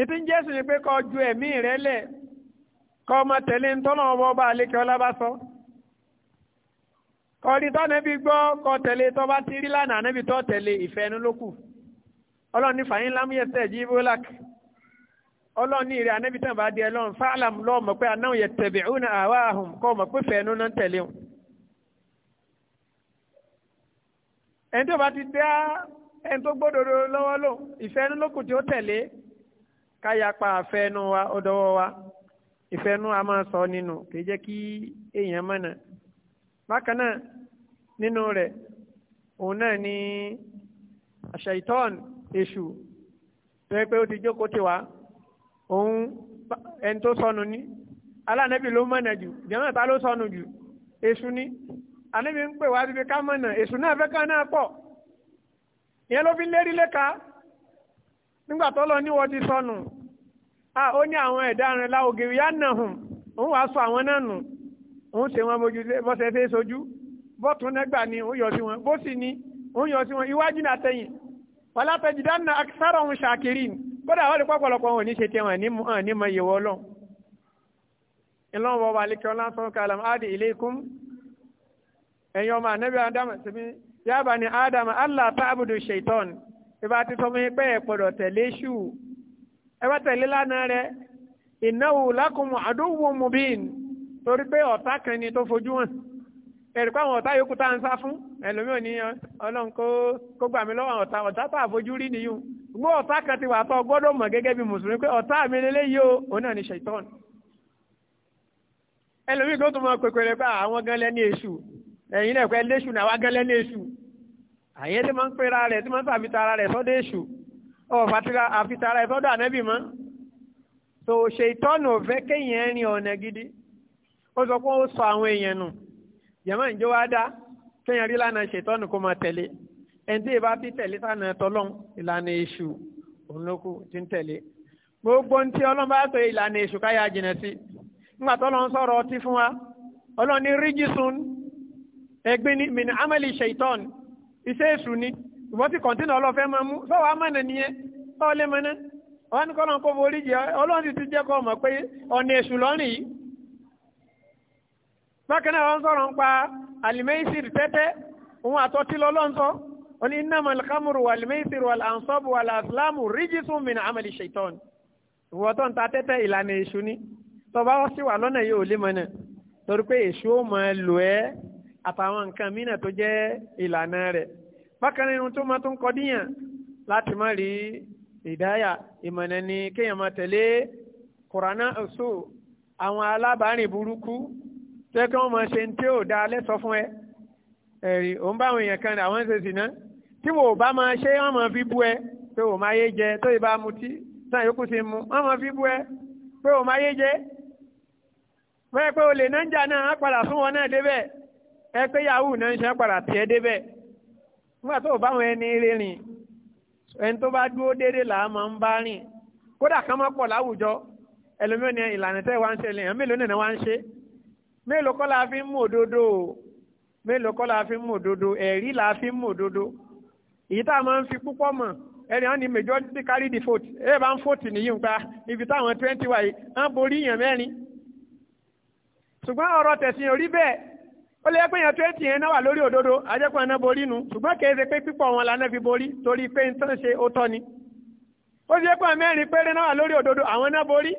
S1: ìtí ń jẹ́sùn ni pé kó ju ẹ̀mí rẹ̀ lẹ̀ kó máa tẹ̀lé ń tọ́nà ọmọ ọba àlékè ọlá bá sọ kó rí tọ́nẹ́bí gbọ́ kọ tẹ̀lé tó bá ti rí lánàá nẹ́bí tó nífa yín lámúyẹsẹ̀ ọlọ́ọ̀ni rẹ̀ anábìtàn bá di ẹlọ́run fáàlàm lọ́ọ̀mù pé anáwó yẹ tẹ̀bẹ̀ òun àwa ahùn kọ́ mọ̀ pé fẹ́ẹ́ núná tẹ̀lé wọn. ẹni bá ti dá ẹni tó gbódòdó lọ́wọ́ lókùn wa wa a máa sọ nínú kì í jẹ́ kí èèyàn mọ̀nà. bákan náà nínú rẹ̀ òun náà ni àṣà èṣù òun ẹni tó sọnù ní alánẹ́bí ló mọ̀nà jù jẹ́mọ̀ ta ló sọnù jù èṣù ní anẹ́bí ń pè wá síbi ká mọ̀nà èṣù náà fẹ́ kàn náà pọ̀ ìyẹn ló fi lérí léka nígbà tó lọ níwọ ti sọnù a ó ní àwọn ẹ̀dá gèrè yá nà hùn òun wàá sọ àwọn náà nù òun ṣe wọn bójú fẹ́ sojú nẹ́gbà ni òun yọ sí wọn bó sì ni òun yọ sí wọn iwájú wàlá òun ni. kódà wọ́n lè pọ́pọ̀lọpọ̀ wọn ò ní ṣe tí wọn ní mọ ìyẹ̀wò ọlọ́run ìlọ́wọ́ wa lè kí ọlá sọ́n kàlàm áàdì ilé ikún ẹ̀yin ọmọ ànábì ádámù sí mi yábà ní ádámù allah tábùdù ṣètọ́n ìbá ti sọ fún pé ẹ̀pọ̀dọ̀ tẹ̀lé ṣù ẹ bá tẹ̀lé lánàá rẹ ìnáwó lákùnmù àdúgbò mubin torí pé ọ̀tá kan ni tó fojú wọn ẹ̀rí pé àwọn ọ̀tá yòókù tá à ń sá fún ẹlòmíràn ní gbọ́ ọ̀tá kan ti wà tó gbọ́dọ̀ mọ̀ gẹ́gẹ́ bí mùsùlùmí pé ọ̀tá mi o òun ni ṣètọ́n ẹlòmíì kó tó mọ pèpèrè pé ah, àwọn gan lẹ́ni èṣù ẹ̀yin náà pé léṣù náà wá gan lẹ́ni èṣù àyẹ́ tí ń pera rẹ̀ tí máa ń tàbí tara rẹ̀ sọ́dọ̀ èṣù ọ̀fà àfi tara rẹ̀ sọ́dọ̀ ànẹ́bì mọ́ so ṣètọ́nù ò fẹ́ kéèyàn rin ọ̀nà gidi ó sọ pé ó sọ àwọn èèyàn nù ẹni tí ìbá ti tẹ̀lé sànà tọ́lọ́n ìlànà èṣù òun ló kù ti ń tẹ̀lé gbogbo ntí ọlọ́run bá pè ìlànà èṣù káyà jìnà sí nígbà tọ́lọ́run sọ̀rọ̀ ọtí fún wa ọlọ́run ní rígísùn ẹgbẹ́ ní mìnà amẹ́lì ṣèitọ́n iṣẹ́ èṣù ni ìwọ́n ti kọ̀ntínà ọlọ́fẹ́ máa mú sọ́wọ́ amẹ́nà nìyẹn sọ́ọ́ lé mọ́ná ọ̀hán kọ́ náà kó borí jẹ ọlọ́run sì ti jẹ́ kọ́ mọ̀ pé ọ̀nà èṣù lọ́rìn yìí bákan náà wọ́n sọ̀rọ̀ ń pa àlìmẹ́sì tẹ́tẹ́ òun àtọ́tí lọ́lọ́ńtọ́ ó ní innamal khamru wal maisiru wal ansabu wal azlamu rijsun min amali shaitan ìwọ tó ń ta tẹ́tẹ́ ìlànà èṣù ni tó bá wọ́n sì wà lọ́nà yìí ò lè mọ̀ náà torí pé èṣù ó máa lò ẹ́ àtàwọn nǹkan mìíràn tó jẹ́ ìlànà rẹ̀ bákan nínú tó máa tó kọdíyàn láti má rí ìdáyà ìmọ̀nà ni kéèyàn máa tẹ̀lé kùránà ọ̀ṣọ́ àwọn alábàárìn burúkú tẹ́ máa ṣe ń tí ò dáa lẹ́sọ fún ẹ ẹ̀rí òun bá àwọn èèyàn kan àwọn ń ṣe sì ná tí wò bá máa ṣe wọ́n máa fi bú ẹ pé wò máa yé jẹ tó ìbá mutí náà yòókù sí mu wọ́n máa fi bú ẹ pé wò máa yé jẹ wọ́n yẹ pé olè náà ń jà náà á padà fún wọn náà débẹ̀ ẹ pé yahoo náà ń ṣe padà tiẹ̀ débẹ̀ nígbà tó o bá wọn ẹni eré rìn ẹni tó bá dúró déédé là máa ń bá rìn kódà kán má pọ̀ láwùjọ ẹlòmíràn ìlànà tẹ́ wá ń ṣe lẹ́yìn mélòó nìyẹn wá ń ṣe mélòó kọ́ la fi ń mú òdodo o mélòó kọ́ la fi mú òdodo ẹ̀rí la fi mú òdodo èyí tá a máa ń fi púpọ̀ mọ̀ ẹni wọn ni majority carry the vote ẹ bá ń vote nìyí ń pa ibi táwọn twenty wáyé wọn borí yàn mẹ́rin ṣùgbọ́n ọ̀rọ̀ tẹ̀sìn orí bẹ́ẹ̀ ó lè pé yàn twenty yẹn náà wà lórí òdodo ajẹ́pọ̀ yẹn náà borí nu ṣùgbọ́n kì í ṣe pé pípọ̀ wọn lànà fi borí torí pé ń tán ṣe ó tọ́ ni ó ṣe pé mẹ́rin péré náà wà lórí òdodo àwọn náà borí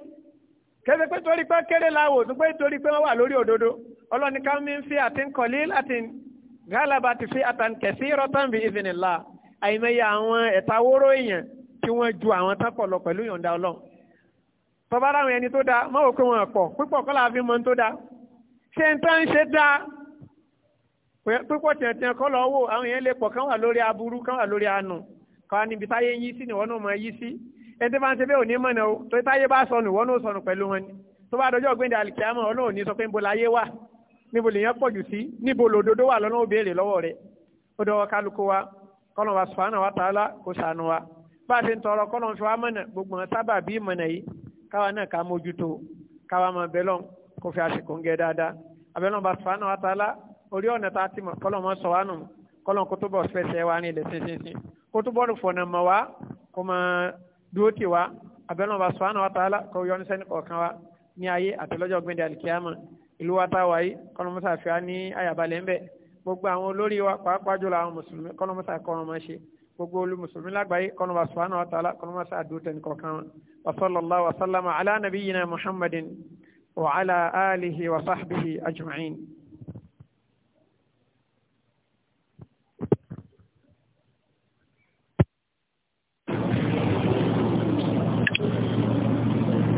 S1: kẹsẹ pé torí pé kéré láwò tó pé torí pé wọ́n wà lórí òdodo ọlọ́ni ká mi ń fi àti ń kọ̀lí láti gálàbà ti fi àtànkẹ̀sí rọ́tàn bí ìfìnnìlá àìmọye àwọn ẹ̀ta wóró èèyàn tí wọ́n ju àwọn tán pọ̀ lọ pẹ̀lú ìyọ̀ǹda ọlọ́run tọ́ba ráwọn ẹni tó dáa má wò pé wọn pọ̀ púpọ̀ kọ́lá fi mọ́ tó dáa ṣé ń tán ṣe dáa púpọ̀ tiẹ̀tiẹ̀ kọ́ wò àwọn èèyàn lè pọ̀ kán wà lórí aburú kán wà lórí anu kán ni wọ́n náà ẹni bá ń ṣe bẹ́ẹ̀ ò ní mọ̀nà o tó táyé bá sọnù wọn ò sọnù pẹ̀lú wọn ni tó bá dọjọ́ gbẹ̀ndẹ̀ àlìkíámọ̀ ọ̀nà ò sọ pé níbo láyé wà níbo lèèyàn pọ̀ jù sí níbo lòdodo wà lọ́nà ó lọ́wọ́ rẹ̀ ó dọwọ́ kálukú wa kọ́nà wa subhanahu wa ta'ala kó ṣàánú wa bá a ti ń tọrọ kọ́nà fi wá mọ̀nà gbogbo wọn sábà bí mọ̀nà yìí káwa náà ká mójútó káwa máa bẹ́ lọ́n kó fi àsìkò ń gẹ dáadáa abẹ́lọ́n bá subhanahu wa ta'ala orí ọ̀nà tá a ti mọ̀ kọ́nà wọn sọ wá fọ̀nà mọ̀ wá kó máa dúró tì wá abẹ́rẹ́ ọba sọ́hánà wa tààlà kọ́ yọ ní sẹ́ni kọ̀ọ̀kan wa ní ayé àtẹlọ́jọ́ gbẹ̀dẹ̀ àlìkíyàmọ́ ìlú wa tá wáyé kọ́nọ́mọ́sá fi wá ní àyàbalẹ̀ ńbẹ̀ gbogbo àwọn olórí wa pàápàá jùlọ àwọn mùsùlùmí kọ́nọ́mọ́sá kọ́ ṣe gbogbo olú mùsùlùmí lágbàáyé kọ́nọ́mọ́sá sọ́hánà wa tààlà kọ́nọ́mọ́sá àdúró tẹ̀ nìkọ̀ọ̀kan wa wa sallallahu wa sallama ala muhammadin wa ala alihi wa sahbihi ajma'in.